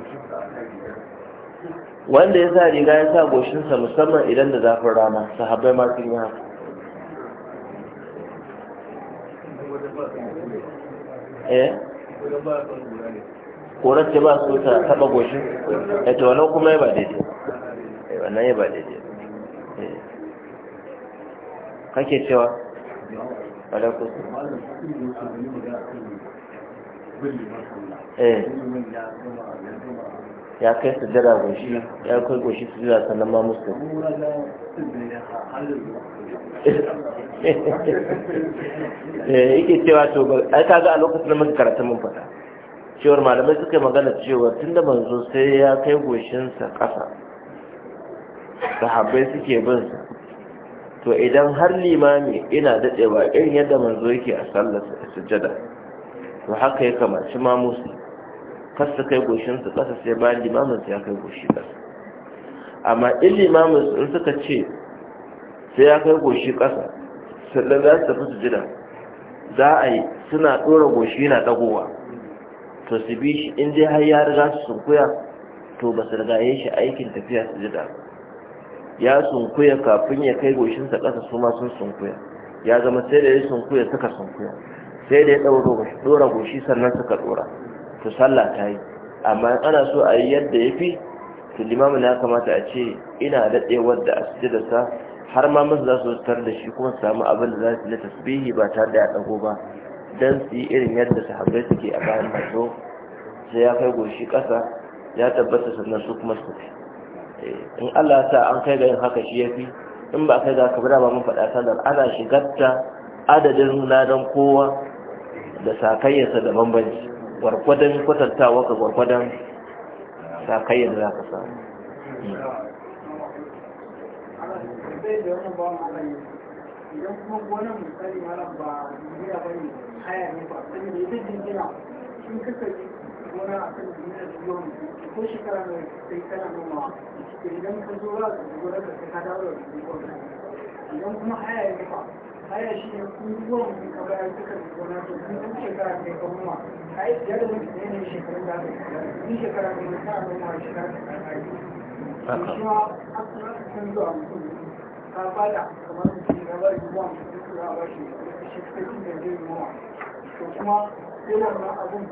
wanda ya sa riga ya sa goshinsa musamman idan da zafin rana sahabbai ma sun yi haka eh korar ce ba su ta taba goshin ya eh, ce wannan kuma ya ba daidai eh, wannan ya ba daidai eh. kake cewa alaikun eh. ya kai su jira goshi ya kai goshi su jira sannan ma musu eh yake cewa to ai kaga a lokacin da muka karanta mun fata cewar malamai suka yi magana cewa tunda manzo sai ya kai goshinsa ƙasa sahabbai suke bin sa to idan har limami ina dadewa irin yadda manzo yake a sallar sujjada to haka ya kamaci ma musu kasta kai goshin su kasa sai bayan limamin ya kai goshi ƙasa." amma in limamin su suka ce sai ya kai goshi kasa sannan za su tafi sujjada za a yi suna dora goshi na dagowa to su bi shi in dai har ya riga su sunkuya to ba su riga shi aikin tafiya sujjada ba ya sunkuya kafin ya kai goshinsa ƙasa su ma sun sunkuya ya zama sai da ya sunkuya suka sunkuya sai da ya ɗora goshi sannan suka ɗora to sallah ta yi amma ana so a yi yadda ya fi to limamu ya kamata a ce ina daɗewar da sa har ma masu za su tar da shi kuma samu abin da za su yi tasbihi ba tare da ya ɗago ba don su yi irin yadda sahabbai suke a bayan mazo sai ya kai goshi ƙasa ya tabbata sannan su kuma su fi in Allah ya sa an kai ga yin haka shi ya fi, in ba kai ga ka bada ba mun fada, sanar ana shigar ta adadin ladan kowa da sakayyarsa da bambanci gwargwadon kwatantawa ka gwargwadon sakayyar da za ka samu idan kuma misali mara ba ba haya ne ba sai ne sun kasance gona a kan duniya da yau ko shekara mai sai kana noma to idan ka zo ba ka gona ka sai ka dawo da gona idan kuma haya ya kafa haya shi ne kun zuwa mutum ka bayar duka da gona to kun san shekara kai ka noma ka yi da mutum ne shekarun da aka yi shekara kai ka sa noma shekara ka kai shi ma an san zuwa mutum ka bada kamar mutum ya bari zuwa mutum ya bashi shi kai da yi noma to kuma sai wannan abin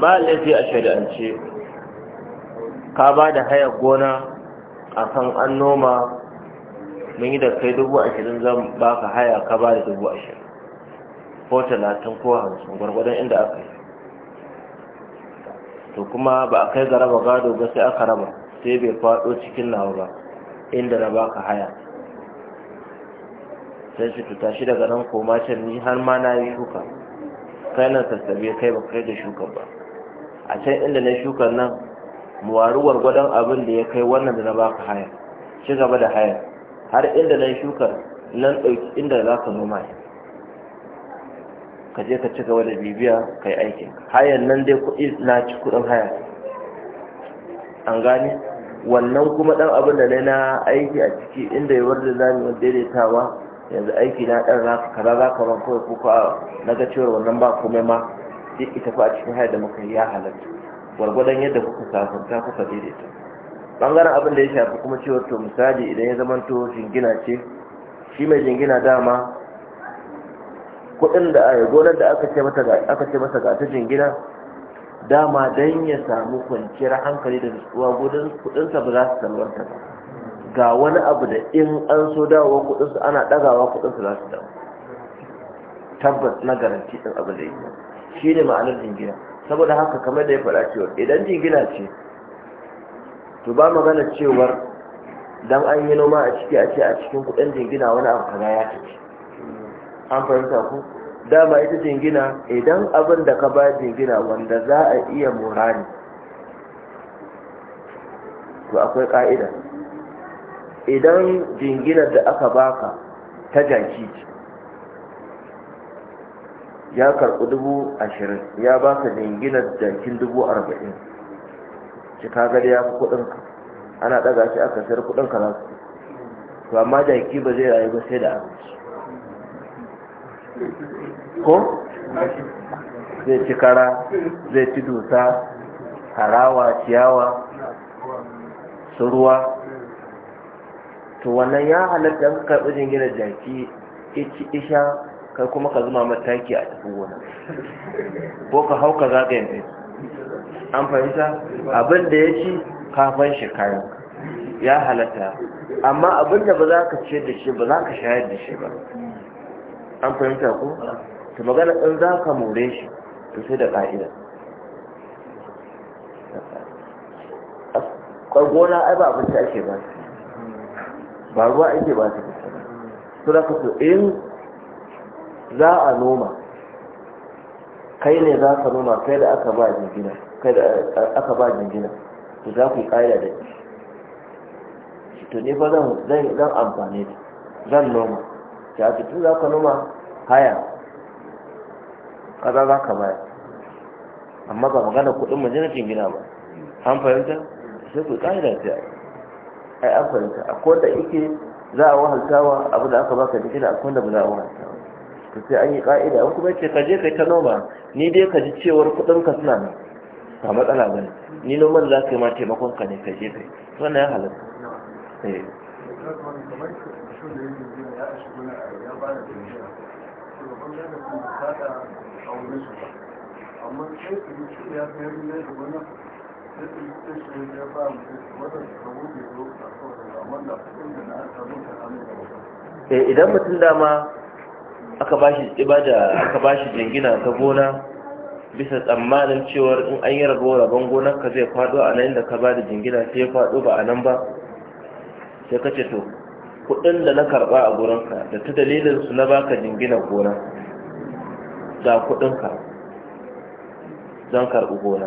ba laifi a shari'ance ka ba da haya gona a kan an noma mun yi da kai dubu ashirin zan ba ka haya ka ba da dubu ashirin ko talatin ko hamsin gwargwadon inda aka yi to kuma ba a kai ga raba gado ba sai aka raba sai bai faɗo cikin nawa ba inda na ba ka haya sai su tuta shi daga nan koma can ni har ma na yi kuka. kai nan sassabe kai ba kai da shukar ba a can inda na shukar nan muwaruwar gwadon abin da ya kai wannan da na baka haya ci gaba da haya har inda na shukar nan ɗauki inda za ka noma shi ka je ka ci gaba da bibiya kai aikin hayan nan dai kuɗi na ci kuɗin haya an gane wannan kuma ɗan abin da na aiki a ciki inda yawar da zamu daidaitawa yanzu aiki na ɗan za ka kaza za ka ban kawai kuka na ga cewar wannan ba komai ma duk ita fa a cikin haya da muka yi ya halatta gwargwadon yadda kuka sasanta kuka daidaita bangaren abin da ya shafi kuma cewar to misali idan ya zamanto jingina ce shi mai jingina dama kuɗin da a gonar da aka ce masa ga ta jingina dama don ya samu kwanciyar hankali da nutsuwa gudun kuɗinsa ba za su salwanta ba ga wani abu da in an so dawowa kudinsu ana dagawa kudinsu za su dawo tabbas na garanti din abu da yi shi ne ma'anar jingina saboda haka kamar da ya faɗa cewa idan jingina ce to ba magana cewar don an yi noma a ciki a ce a cikin kudin jingina wani abu kaza ya tafi an fahimta ku dama ita jingina idan abin da ka ba jingina wanda za a iya murani to akwai ka'ida idan jinginar da aka baka ta jaki ya karɓi dubu ashirin ya baka jinginar jakin dubu arba'in shi kaga da ya fi kuɗinka ana ɗaga shi aka sayar kuɗinka za su to amma jaki ba zai rayu ba sai da abinci ko zai ci kara zai ci dusa harawa ciyawa su ruwa to wannan ya halatta ka karɓi jingina jaki ici isha kai kuma ka zuma mataki a tafi gona ko ka hau ka zagayen an fahimta abin da ya ci kafin shi kayan ya halatta amma abin da ba za ka ciyar da shi ba za ka shayar da shi ba an fahimta ko ta magana ɗin za ka more shi to sai da ƙa'ida a gona ai ba abinci ake ba su ba ruwa ake ba su su da kasu in za a noma kai ne za ka noma kai da aka ba jingina kai da aka ba jingina za ku yi da shi to ne ba zan zan da zan noma ta ce tun za ka noma haya kaza za ka baya amma ba magana kuɗin majalisar jingina ba an fahimta sai ku kaya da shi ai an fahimta akwai da yake za a wahaltawa abu da aka baka jiki da akwai da ba za a wahaltawa to sai an yi ka'ida an kuma ce ka je kai ta noma ni dai ka ji cewar kudin ka suna nan ba matsala ba ne ni noman za ka yi ma taimakon ka ne kaje kai wannan ya halatta eh. amma sai ya Eh, idan mutum dama aka bashi ibada aka bashi jingina ta gona bisa tsammanin cewar in an yi rabo rabon gonar ka zai faɗo a nan da ka ba da jingina sai ya faɗo ba a nan ba sai ka ce to kuɗin da na karɓa a gurinka da ta dalilin su na baka jingina gona ga kuɗinka zan karɓi gona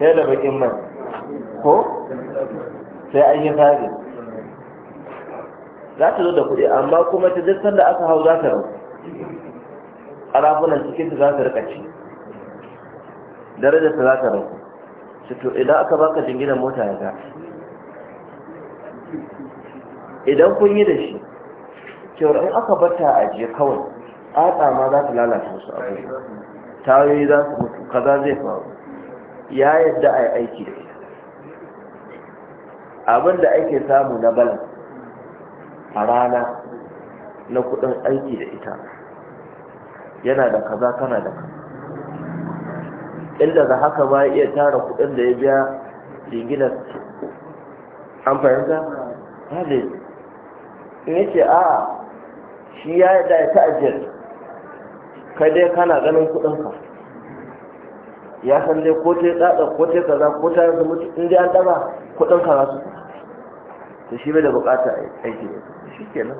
sai da bakin mai ko sai an yi fari za ta zo da kuɗi amma kuma ta jistar sanda aka hau za ta rau ƙarafunan cikin su za ta rikaci ci darajar ta za ta rau su to idan aka baka jinginan mota ya ta idan kun yi da shi kyau in aka bata a jiya kawai tsatsa ma za ta lalata wasu abubuwa tayoyi za su mutu kaza zai faru ya yadda a yi aiki da ita abin da ake samu na balan a rana na kudin aiki da ita yana da kaza kana da kaza inda da haka ba iya tara kudin da ya biya jingina an fahimta? hali in yake a shi ya yi ya ta ajiyar kai dai kana ganin kudinka ya san dai ko ta yi tsada ko ta yi kaza ko ta yanzu mutu in dai an daba kudin ka su ta shi bai da bukata aiki ne shi nan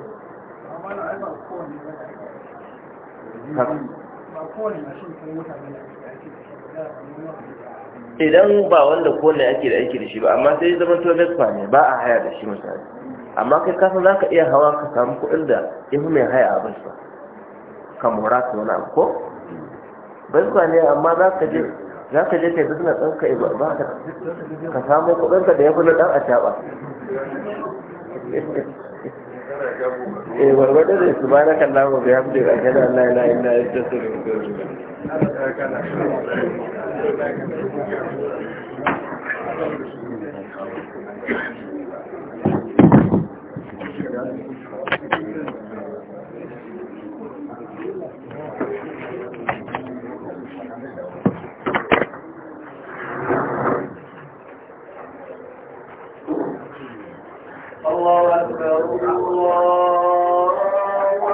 idan ba wanda kowane ake da aiki da shi ba amma sai zama to mekwa ne ba a haya da shi misali amma kai kasa za ka iya hawa ka samu kuɗin da ya fi mai haya abin ba ka mora ka wani abu ko mekwa hmm. ne amma za ka je za ka je kai bizna ɗan ka eh, ba ka ka samu kuɗin da ya kula ɗan a caɓa eh warwada da su ba na kalla mu biya mu da kana na la ilaha illa ta su الله أكبر الله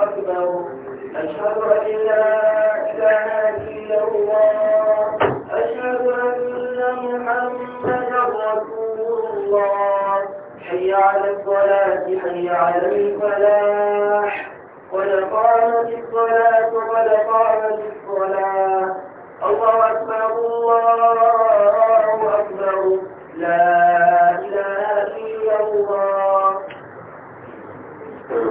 أكبر أشهد أن لا إله إلا الله أشهد أن محمدا رسول الله حي على الصلاة حي على الفلاح قد الصلاة قد الصلاة الله أكبر الله أكبر لا إله إلا الله الحمد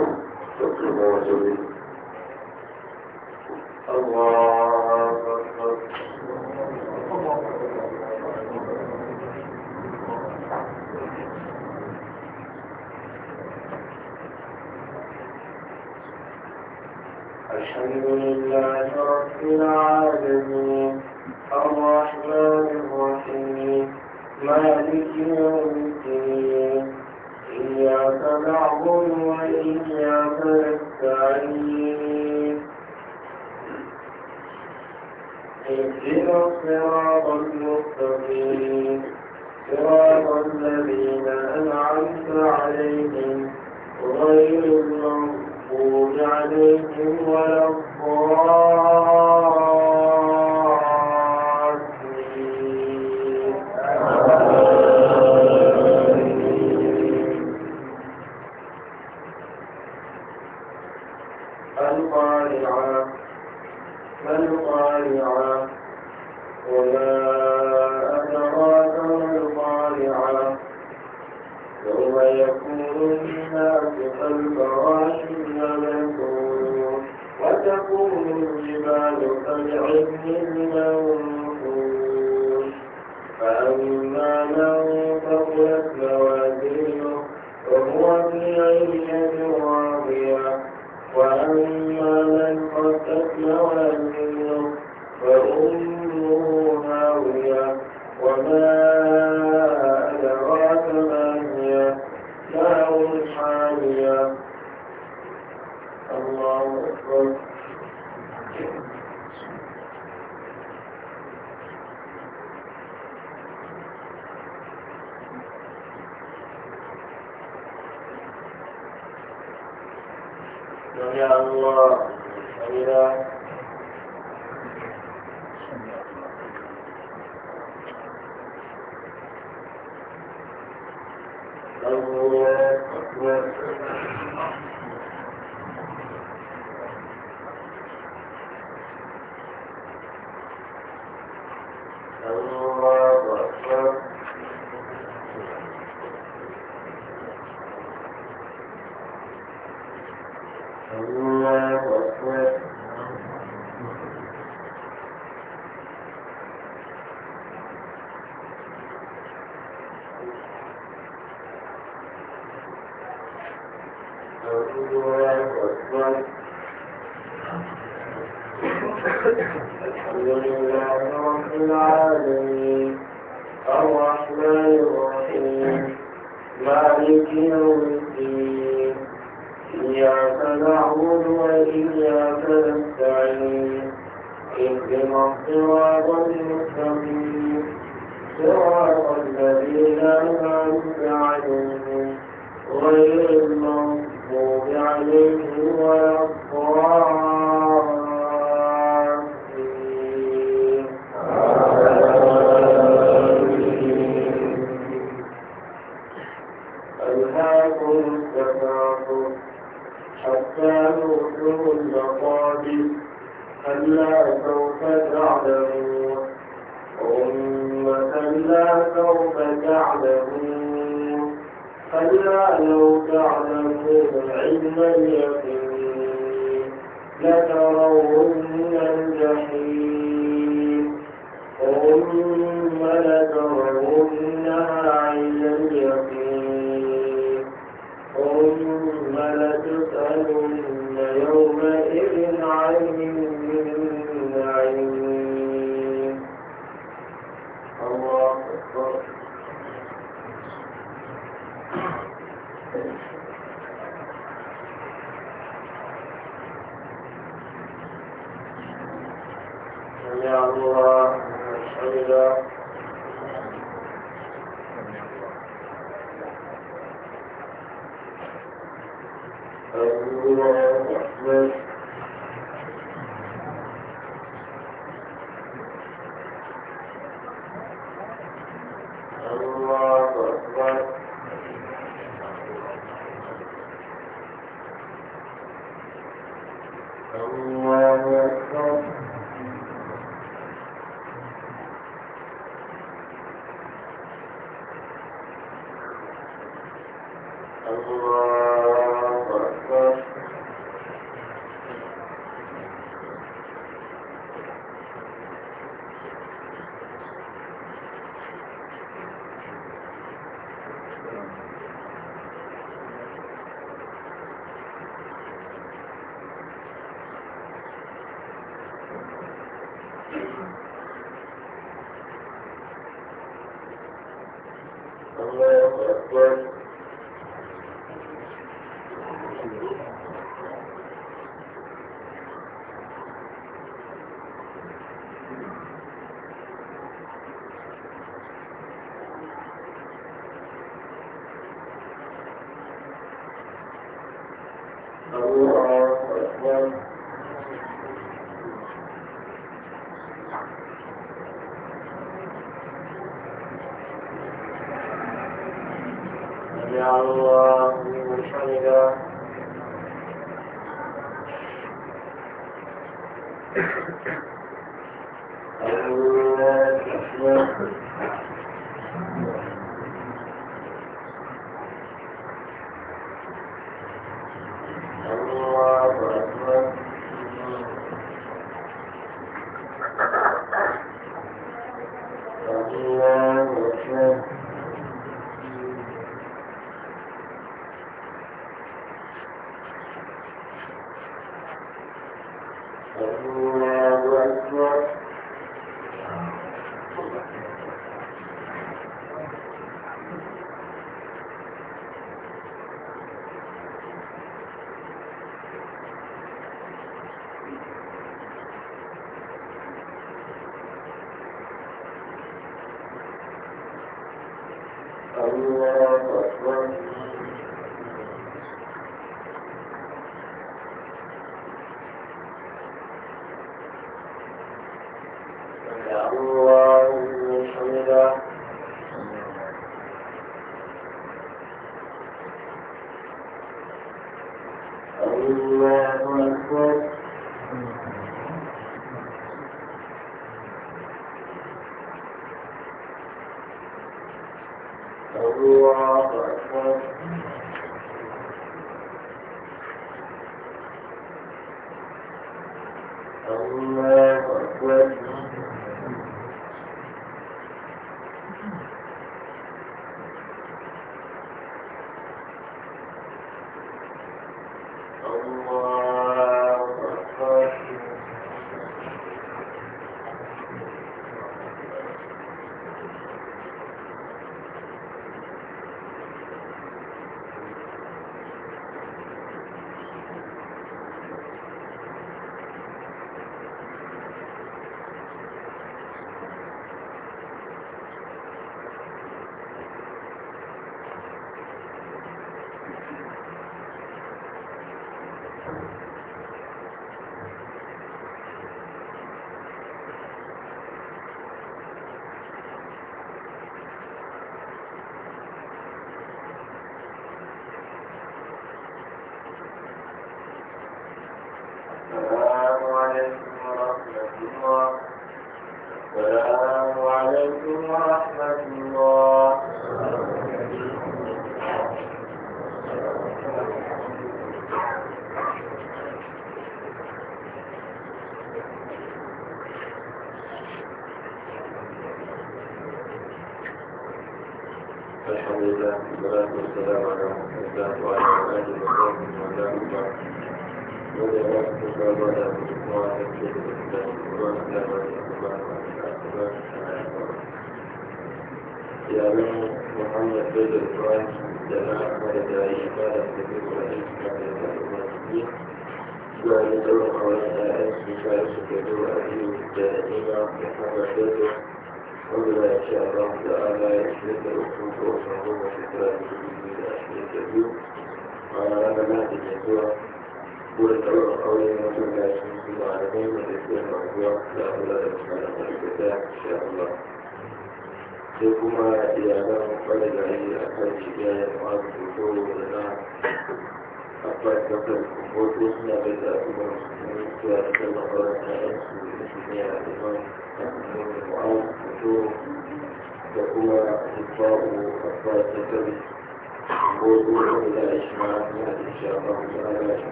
لله رب العالمين الرحمن الرحيم مالك يوم الدين إياك نعبد وإياك نستعين اهدنا الصراط المستقيم صراط الذين أنعمت عليهم واهدنا الصراط المستقيم صراط الذين أنعمت عليهم غير المغضوب عليهم ولا الضالين ألهاكم التكاثر حتى نؤتوا المقابل ألا تعلمون كلا لو تعلمون علم اليقين لترون الجحيم ثم لترونها عين اليقين ثم لتسألن يومئذ عن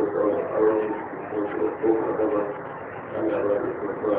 ko sauran aure ko ko ka gaba Allah ba da kuma